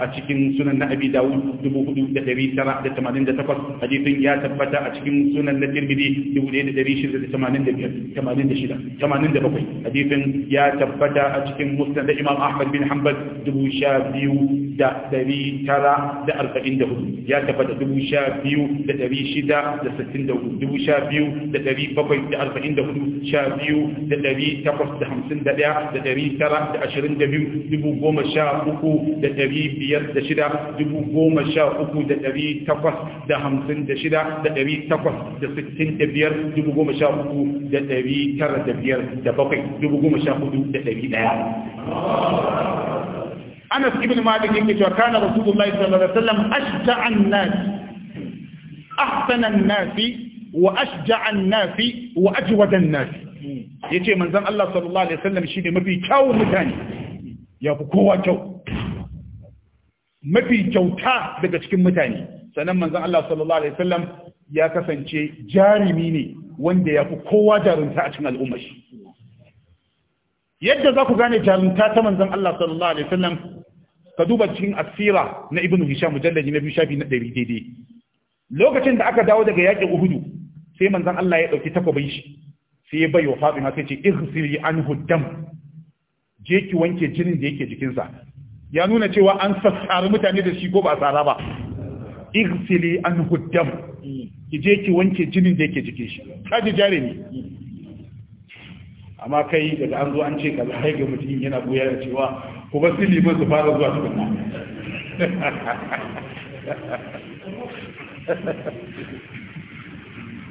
a cikin sunan na abi dawud takwas, hadisin ya tabbata a cikin sunan na tirmidhi bakwai. hadisin ya tabbata a cikin musnad da imam ahmad bin hanbal hudu, ya tabbata biyu da shida da sittin da 922 dubu goma sha uku da dari. ɗari biyar da shida dubu goma sha uku da ɗari takwas da hamsin da shida da ɗari takwas da sittin da biyar dubu goma sha uku da ɗari tara da biyar da bakwai dubu goma sha hudu da ɗari ɗaya Anas ibn Malik yake cewa kana Rasulullahi sallallahu alaihi wasallam ashja'an nas ahsanan nas wa ashja'an nas wa ajwadan nas yace manzon Allah sallallahu alaihi wasallam shine mafi kyawun mutane ya fi kowa kyau mafi kyauta daga cikin mutane sannan manzon Allah sallallahu alaihi wasallam ya kasance jarimi ne wanda ya fi kowa jarunta a cikin al'ummar shi yadda za ku gane jarunta ta manzon Allah sallallahu alaihi wasallam ka duba cikin asira na ibnu hisham mujalladi na biyu shafi na ɗari daidai lokacin da aka dawo daga yaƙin uhudu sai manzon Allah ya ɗauki takwabin shi sai ya bai wa fatima sai ce ighsili anhu dam je ki wanke jinin da yake jikinsa ya nuna cewa an sassari mutane da shi ko ba tsara ba igsili an huddam ki je ki wanke jinin da yake jikin shi kaji jare ne amma kai daga an zo an ce ka zai ga mutum yana goya da cewa ku ba ba su fara zuwa nan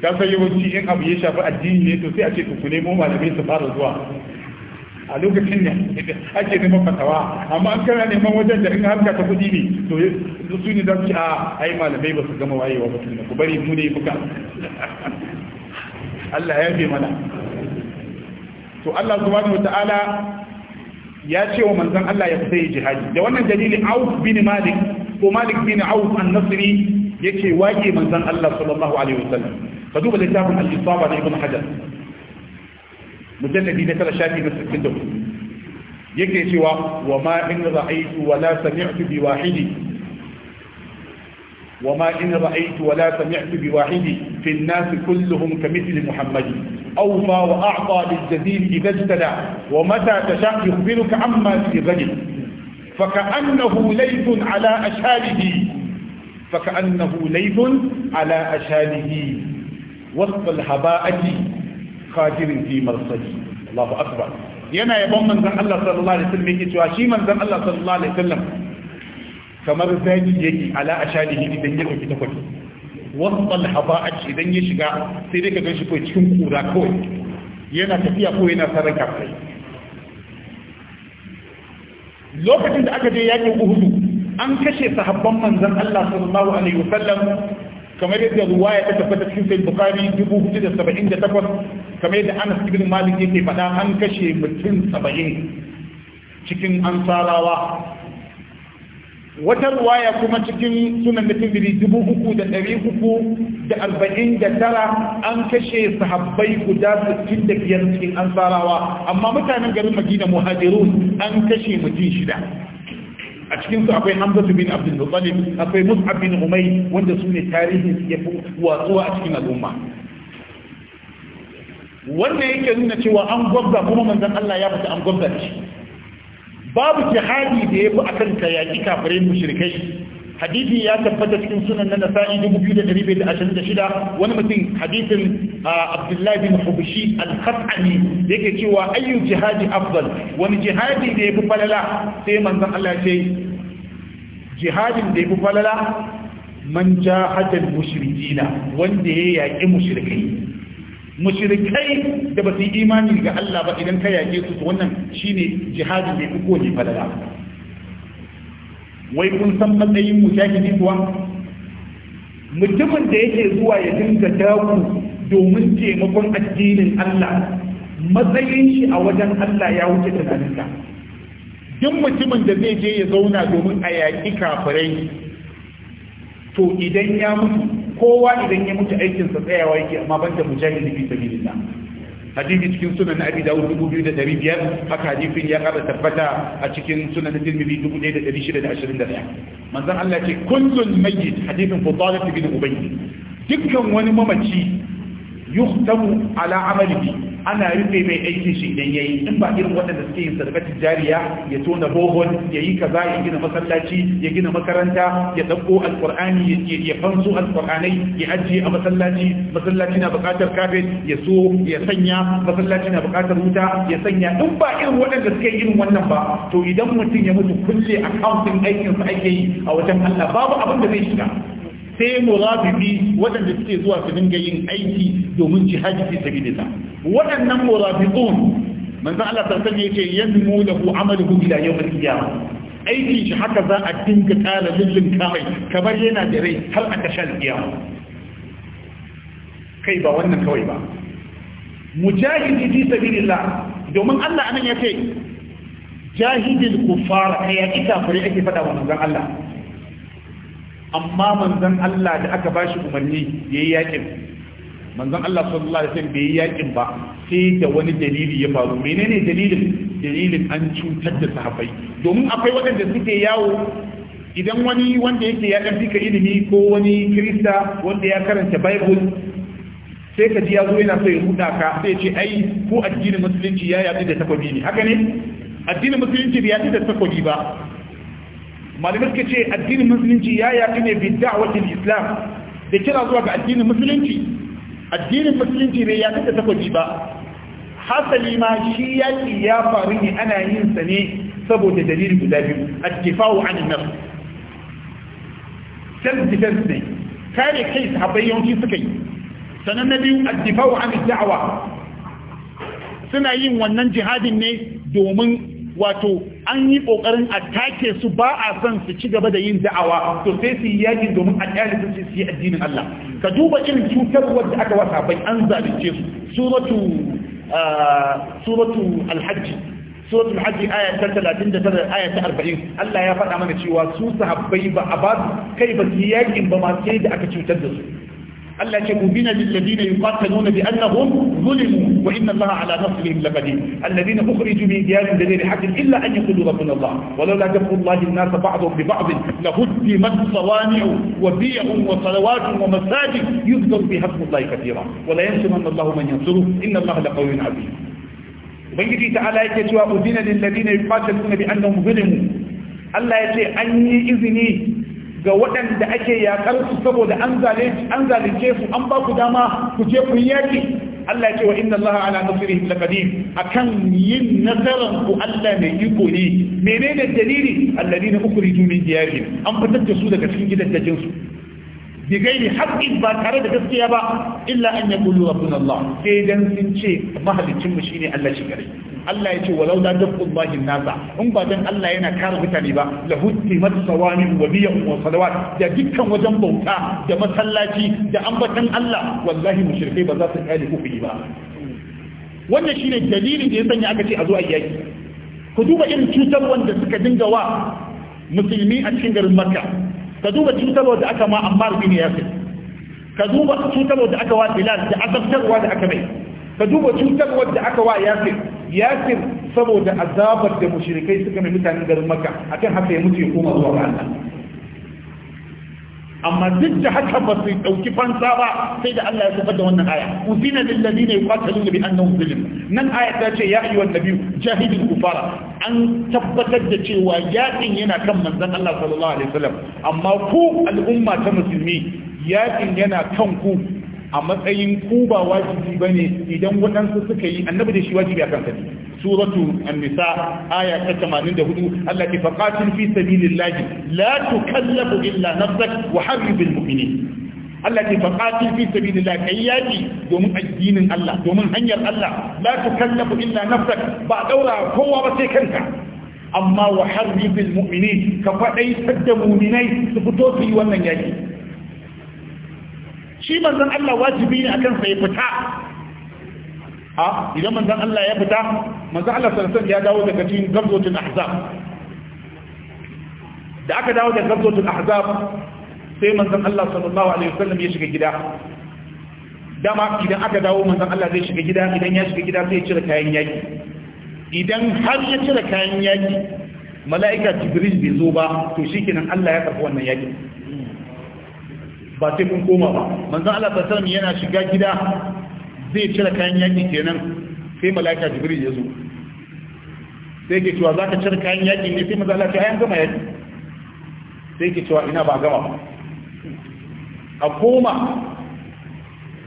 ka san yawanci in abu ya shafi addini ne to sai a ce ku nemo malamai su fara zuwa a lokacin ne ake neman fatawa amma an kana neman wajen da in harka ta kudi ne to su ne za su a ah, ai malamai ba su gama wayewa ba ku bari mu ne muka Allah ya fi mana to Allah subhanahu wa ta'ala ya ce wa manzon Allah ya fita jihadi da wannan dalili Auf bin Malik ko Malik bin Auf an-Nasri yake waƙe manzon Allah sallallahu alaihi wasallam ka duba littafin al-Isaba da Ibn Hajar mujalladi na tara shafi na 64 yake cewa wa ma in ra'aytu wa la sami'tu bi wahidi wa ma in ra'aytu wa la sami'tu bi wahidi fi an-nas kulluhum kamithli muhammad awfa wa a'ta bil-jadid idha ijtada wa mata tasha yukhbiruka amma fi ghadin فكأنه ليث على أشهاده فكأنه ليث على أشهاده وسط الهباءة fajirin fi marsali Allahu akbar yana yabon manzon Allah sallallahu alaihi wasallam yake cewa shi manzon Allah sallallahu alaihi wasallam kamar zaki yake ala ashadihi idan ya dauki takwafi wasal haba'at idan ya shiga sai dai ka ganshi ko cikin kura kawai yana tafiya ko yana saraka kai lokacin da aka je yakin uhudu an kashe sahabban manzon Allah sallallahu alaihi wasallam kamar yadda ruwaya ta tabbata cikin sai bukari dubu hudu da saba'in da takwas kamar yadda anas ibn malik yake faɗa an kashe mutum saba'in cikin ansarawa wata ruwaya kuma cikin sunan da tibiri dubu uku da ɗari uku da arba'in da tara an kashe sahabbai guda sittin da biyar cikin ansarawa amma mutanen garin madina muhajirun an kashe mutum shida a cikin su akwai Hamzatu bin Abdul Muttalib akwai Mus'ab bin Umayr wanda su ne tarihin su ya watsuwa a cikin al'umma wannan yake nuna cewa an gwabza kuma manzon Allah ya fita an gwabza shi babu jihadi da yafi akan ta yaki kafirai mushrikai hadisi ya tabbata cikin sunan na nasa'i 2226 wani mutum hadisin abdullahi bin hubushi al-qat'ani yake cewa ayyu jihadi afdal wani jihadi ne yafi falala sai manzon Allah ya ce jihadin da yafi falala man jahada al-mushrikina wanda ya yaki mushrikai mushrikai da ba su imani ga Allah ba idan ka yake su wannan shine jihadin da yafi kowane falala wai kun san matsayin ne kuwa mutumin da yake zuwa ya dinga daku domin taimakon addinin Allah matsayin shi a wajen Allah ya wuce tunaninka duk mutumin da zai je ya zauna domin a yaƙi kafirai to idan ya mutu kowa idan ya mutu aikinsa tsayawa yake amma banda mujahidi fi hadisi cikin sunan abi dawud 2500 haka hadisin ya kara tabbata a cikin sunan tirmidhi 1621 manzon Allah ce kullun mayyit hadisin fudalah ibn ubay dukkan wani mamaci yuhtamu ala amalihi ana rufe mai aikin shi idan yayi in ba irin waɗanda suke yin jariya ya tona bohol ya yi kaza ya gina masallaci ya gina makaranta ya ɗauko alƙur'ani ya fanso alƙur'anai ya ajiye a masallaci masallaci na buƙatar kafet ya so ya sanya masallaci na buƙatar wuta ya sanya in ba irin waɗanda suke yin wannan ba to idan mutum ya mutu kulle akawuntin aikinsa ake yi a wajen Allah babu abin da zai shiga sai murabibi waɗanda suke zuwa su dinga yin aiki domin jihadi fi sabilillah waɗannan murabibun manzo Allah sallallahu alaihi yace yanmu lahu amaluhu ila yawm al-qiyamah aikin shi haka za a dinga kala lullun kamai kamar yana da rai har a tashi al kai ba wannan kawai ba mujahidi fi sabilillah domin Allah anan yace jahidil kufara kai ya kafirai ake fada wa manzon Allah amma manzon Allah da aka ba shi umarni ya yayi yakin manzon Allah sallallahu alaihi wasallam bai yi yakin ba sai da wani dalili ya faru menene dalilin dalilin an cutar da sahabbai domin akwai waɗanda suke yawo idan wani wanda yake ya fika ilimi ko wani krista wanda ya karanta bible sai ka ji ya zo yana so ya huda ka sai ce ai ko addinin musulunci ya yaɗu da takobi ne haka ne addinin musulunci bai yaɗu da takobi ba malamai suka ce addinin musulunci ya yaƙi ne bi wajen islam da kira zuwa ga addinin musulunci addinin musulunci ne ya kada takwaji ba hasali ma shi yaƙi ya faru ne ana yin sa ne saboda dalili guda biyu attifawu an nafs self defense ne kare kai su sahabbai yawanci suka yi sanan na biyu attifawu an da'awa suna yin wannan jihadin ne domin wato an yi kokarin attake su ba a son su ci gaba da yin da'awa to sai su yi yakin domin a kyale su su yi addinin Allah ka duba irin cutarwar da aka wasa bai an zalunce su suratu uh, suratu al-hajj suratu al-hajj aya ta 39 aya ta 40 Allah ya faɗa mana cewa su sahabbai ba a ba kai ba su yi yakin ba ma sai da aka cutar da su Allah ce mubina lil ladina yuqataluna bi annahum zulimu wa inna Allah ala nasrihim laqadir alladina ukhriju min diyarihim bighayri haqqin illa an yaqulu rabbuna Allah walau la dafu Allah an-nas ba'dhum bi ba'd lahuddimat sawani'u wa bi'un wa salawatun wa masajid yudhkar biha ismu Allah katira wa la yansuranna Allah man yansuruhu inna Allah laqawiyyun 'aziz ubangiji ta'ala yake cewa udina lil ladina yuqataluna bi annahum zulimu Allah ya an yi izini ga waɗanda ake yaƙar su saboda an zalunce su an ba ku dama ku je ku yaki Allah ce wa inna Allah ala nasrihi laqadir akan yin nasaran ku Allah mai iko ne menene dalili alladina ukhriju min diyarihim an fitar da su daga cikin gidajen su bi gairi ba tare da gaskiya ba illa an yaqulu rabbuna Allah sai dan sun ce mahalicin mu shine Allah shi kare Allah ya ce walau da dafullahi nasa in ba dan Allah yana kare mutane ba la hutimat sawami wa biyu wa salawat da dukkan wajen bauta da masallaci da ambatan Allah wallahi mushrikai ba za su kare ku ba wannan shine dalilin da ya sanya aka ce a zo a yaki ku duba irin cutar wanda suka dinga wa musulmi a cikin garin makka ka duba cutarwa da aka ma ammar bin yasir ka duba cutarwa da aka wa bilal da azabtarwa da aka mai ka duba cutarwa da aka wa yasir yasir saboda azabar da mushrikai suka mai mutanen garin makka akan haka ya mutu ya koma zuwa ga Allah amma duk da haka ba su dauki fansa ba sai da Allah ya tabbata wannan aya usina lil ladina yuqataluna bi annahum zulm nan aya ta ce ya ayyuhan nabiy jahidil kufara an tabbatar da cewa yakin yana kan manzon Allah sallallahu alaihi wasallam amma ku al'umma ta musulmi yakin yana kan ku a matsayin kuba wajibi ba ne idan waɗansu suka yi annabi da shi wajibi a kansa ne suratu an-nisa aya ta 84 Allah ke faqatil fi sabilillahi la tukallafu illa nafsak wa harribil mu'minin Allah ke faƙatin fi sabilillah kai yaki domin addinin Allah domin hanyar Allah la tukallafu illa nafsak ba daura kowa ba sai kanka amma wa harribil mu'minin ka faɗai da mu'minai su fito su yi wannan yaki shi manzon Allah wajibi ne akan sa ya fita a idan manzon Allah ya fita manzon Allah sallallahu ya dawo daga cikin gamzotul ahzab da aka dawo daga gamzotul ahzab sai manzon Allah sallallahu alaihi wasallam ya shiga gida dama idan aka dawo manzon Allah zai shiga gida idan ya shiga gida sai ya cire kayan yaki idan har ya cire kayan yaki mala'ika jibril bai zo ba to shikenan Allah ya karɓi wannan yaki ba sai kun koma ba manzon Allah sallallahu alaihi yana shiga gida zai cire kayan yaki kenan sai malaika jibril ya zo sai ke cewa zaka cire kayan yaki ne sai manzon Allah ya gama yaki sai ke cewa ina ba gama ba a koma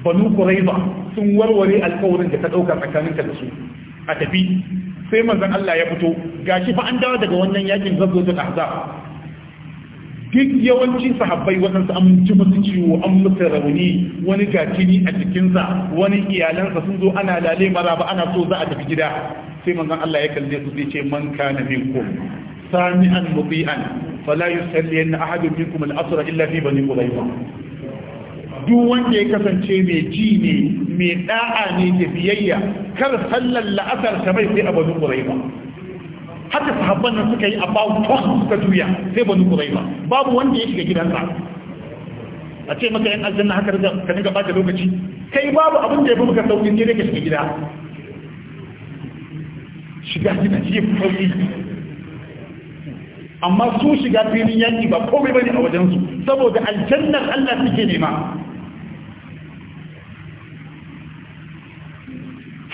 banu quraiza sun warware alƙawarin da ta dauka ka da su a tafi sai manzon Allah ya fito gashi fa an dawo daga wannan yakin zazzotun ahzab duk yawanci sahabbai waɗansu an ji masu ciwo an musu rauni wani gajini a jikinsa wani iyalansa sun zo ana lale mara ba ana so za a tafi gida sai manzon Allah ya kalle su zai ce man kana minkum sami'an muti'an fala yusalli ahadun minkum al-asra illa fi bani quraiza duk wanda ya kasance mai ji ne mai da'a ne da biyayya kar sallar la'asar ta mai sai a bani quraiza haka sahabban nan suka yi a about ton suka juya sai banu kuraiba babu wanda ya shiga gidansa a ce maka yan aljanna haka ka dinga bata lokaci kai babu abin da ya fi maka sauki sai dai ka shiga gida shiga gida shi ya fi amma su shiga filin yaki ba komai bane a wajensu saboda aljannar Allah suke nema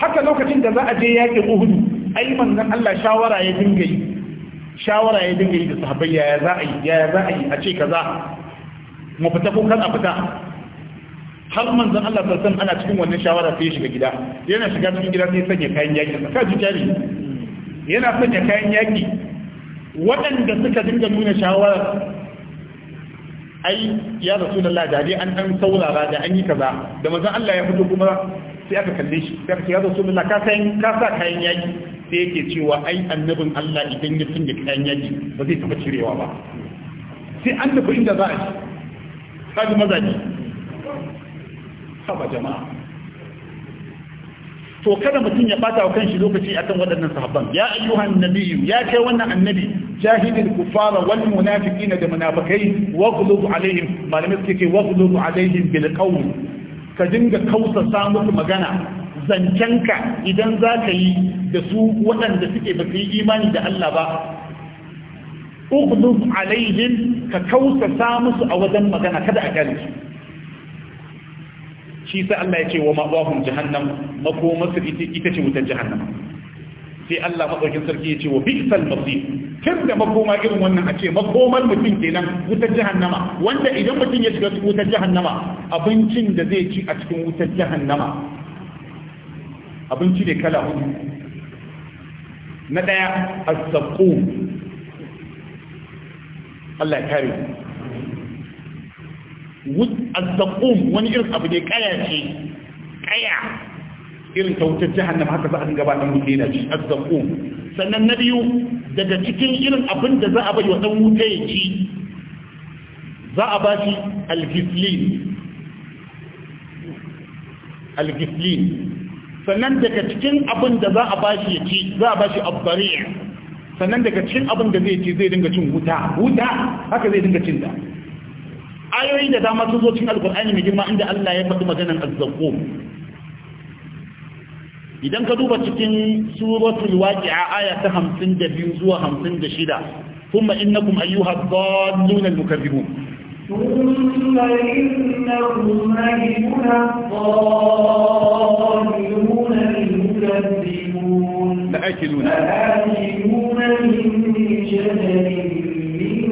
haka lokacin da za a je yaƙin uhudu ai manzon Allah shawara ya dinga yi shawara ya dinga yi da sahabbai yaya za a yi yaya za a yi a ce kaza mu fita ko kan a fita har manzon Allah sallallahu ana cikin wannan shawara sai ya shiga gida yana shiga cikin gida sai sanya kayan yaki ka ji jari yana sanya kayan yaki waɗanda suka dinga nuna shawara ai ya rasulullah da dai an dan saurara da an yi kaza da manzon Allah ya fito kuma sai aka kalle shi sai aka ce ya zo sunan ka san ka sa kayan yaki sai yake cewa ai annabin Allah idan ya tunge kayan yaki ba zai taba cirewa ba sai an tafi inda za a ci kaji mazaji saba jama'a to kada mutum ya bata wa kanshi lokaci akan waɗannan sahabban ya ayyuhan nabiyyu ya kai wannan annabi jahidil kufara wal munafiqina da munafikai waghlub alaihim malamai suke ce waghlub alaihim bil qawl ka dinga kausasa musu magana zancenka idan za ka yi da su waɗanda suke ba su yi imani da Allah ba ughdud alaihin ka kausasa musu a wajen magana kada a gane shi sai Allah ya ce wa ma'awahum jahannam makomarsu ita ce wutar jahannama sai Allah madaukin sarki ya ce wa bi'sal masir tun da makoma irin wannan a ce makomar mutum kenan wutar jahannama wanda idan mutum ya shiga wutar jahannama abincin da zai ci a cikin wutar jahannama abinci ne kala hudu na daya as-saqum Allah ya kare az-saqum wani irin abu ne kaya ce kaya irin ta wutar jahannama haka za a dinga ba dan wuta yana ci azzaqu sannan na biyu daga cikin irin abin da za a bai wa dan wuta ya ci za a ba shi algislin algislin sannan daga cikin abin da za a ba shi ya ci za a ba shi abbariya sannan daga cikin abin da zai ci zai dinga cin wuta wuta haka zai dinga cin ta ayoyi da dama sun zo cikin alkur'ani mai girma inda Allah ya faɗi maganar azzaqu idan ka duba cikin suratul waqi'a aya ta 52 zuwa 56 kuma innakum ayyuha ad-dallun al-mukaththibun ثم إنهم أيها الضالون المكذبون لآكلون لآكلون من شجر من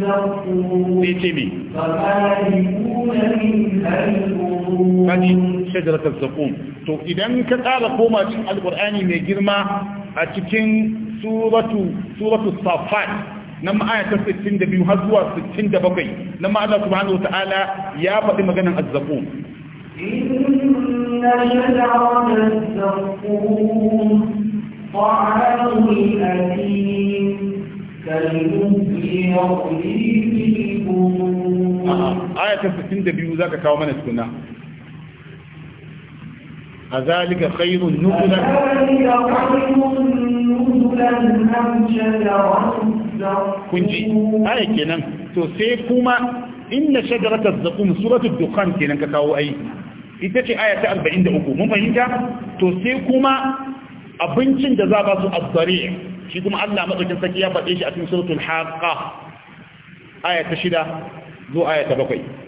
زقوم فمالئون منها البطون shajaratar zakum to idan ka tsara koma cikin alkur'ani mai girma a cikin suratu suratu safat na ma'aya ta 62 har zuwa 67 na ma'ana subhanahu wa ta'ala ya faɗi maganan azzakum inna shajarat azzakum طعام الأثيم آية 62 ذاك كاو من السنة a zalika khairun nuzulan kunji aya kenan to sai kuma inna shajaratar zakum suratul dukhan kenan ka kawo ai ita ce aya ta 43 mun fahimta to sai kuma abincin da za ba su azzari shi kuma Allah madaukin saki ya faɗe shi a cikin suratul haqa aya ta 6 zo aya ta 7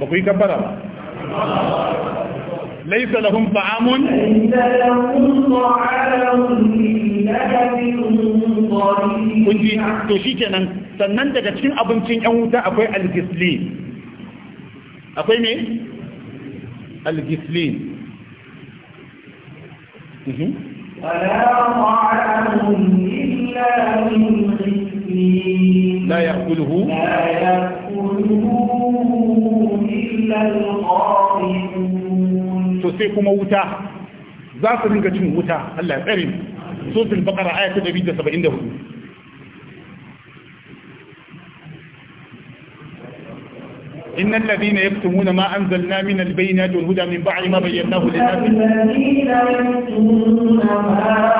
ba ku yi kabbara ba ليس لهم طعام kunji to shi kenan sannan daga cikin abincin yan wuta akwai algislin akwai ne algislin ولا طعام إلا من لا يأكله لا يأكله إلا الخاطئون تسيكم وتا ذات رنجة وتا الله أرم سورة البقرة آية 174 إن الذين يكتمون ما أنزلنا من البينات والهدى من بعد ما بيناه للناس الذين يكتمون ما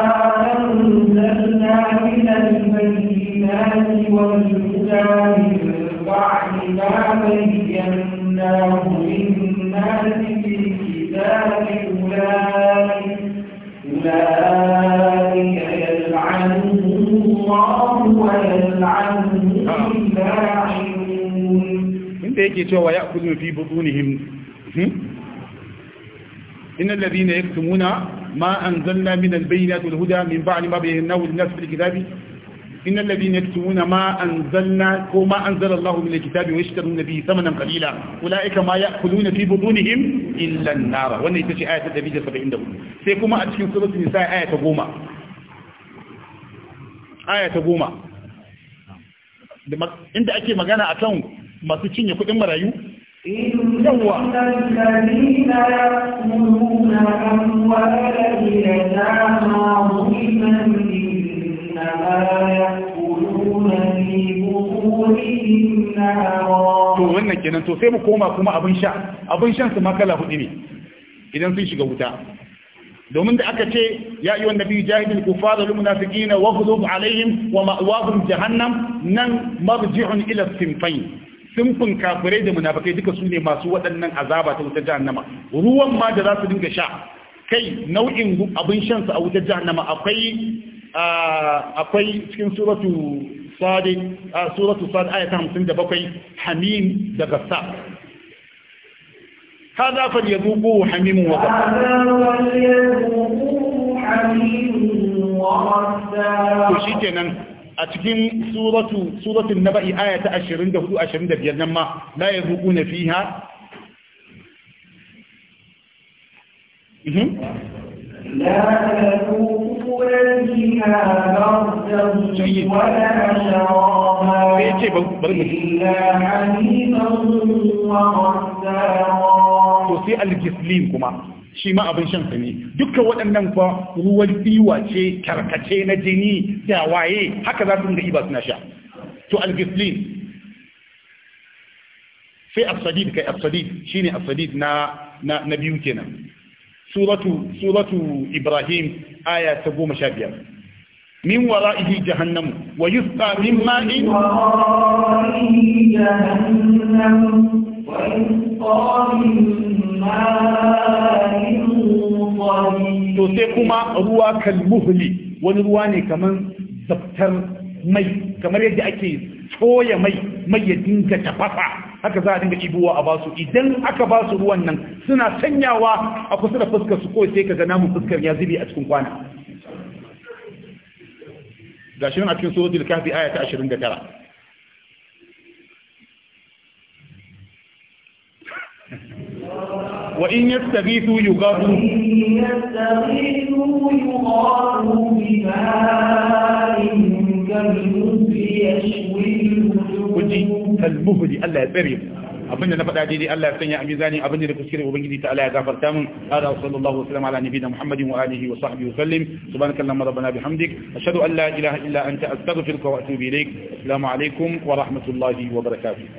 أنزلنا من البينات بالهدى والهدى من بعد ما بيناه للناس في الكتاب أولئك أولئك يلعنهم الله ويلعنهم اللاعنون. Inda yake cewa ya kudu fi إن الذين يكتمون ما أنزلنا من البينات والهدى من بعد ما بيناه للناس في الكتاب innal ladina yaktumuna ma anzalna ko ma anzala Allah min alkitabi wa yashtaruna bihi thamanan qalila ulaika ma ya'kuluna fi butunihim illa an-nar wannan ita ce aya ta 174 sai kuma a cikin suratul nisa aya ta 10 aya ta 10 inda ake magana akan masu cinye kudin marayu yawwa الذين to wannan kenan to sai mu koma kuma abin sha abin shan su makala hudu ne idan sun shiga wuta domin da aka ce ya yi wanda biyu jahilin kufa da lumina su gina wa hudu alaihim wa ma'awabin jahannam nan marji'un ila simfai simfin kafirai da munafakai duka su ne masu waɗannan azaba ta wutar jahannama ruwan ma da za su dinga sha kai nau'in abin shansu a wutar jahannama akwai akwai cikin suratu sadi a suratu sadi hamsin da bakwai hamim da gasa ka za ka da yabo ko hamimin wa gasa ko shi kenan a cikin suratu suratun na ba'i ayata ashirin da hudu ashirin da biyar nan ma na yabo ko na fiha لا mhm. تذوقوا فيها بردا ولا شرابا إلا حميما وغساقا وفي الجسلين كما shi ma abin shansa ne dukkan waɗannan fa ruwan biwa ce karkace na jini da waye haka za su dinga iba suna sha to algislin sai absadid kai absadid shine absadid na na biyu kenan سورة سورة إبراهيم آية تقوم شابية من ورائه جهنم ويسقى من ماء من ورائه جهنم ويسقى من ماء تسيقما رواك المهلي ونرواني كمان دكتر مي كمان يجي أكيد soya mai mai ya dinka tafafa haka za a dinga ibuwa a basu idan aka basu ruwan nan suna sanyawa a kusa da fuskar su ko sai ka ga namun fuskar ya zube a cikin kwana gashi nan a cikin suratul kahfi aya ta 29 وإن يستغيثوا يغاثوا kuji kalmuhuli Allah ya tsare abinda na faɗa daidai Allah ya sanya a mizani abinda da kuskure ubangiji ta Allah ya gafarta mun ala sallallahu alaihi wa sallam ala nabiyina muhammadin wa alihi wa sahbihi wa sallim subhanakallahumma rabbana bihamdik ashhadu an la ilaha illa anta astaghfiruka wa atubu ilaik assalamu alaikum wa rahmatullahi wa barakatuh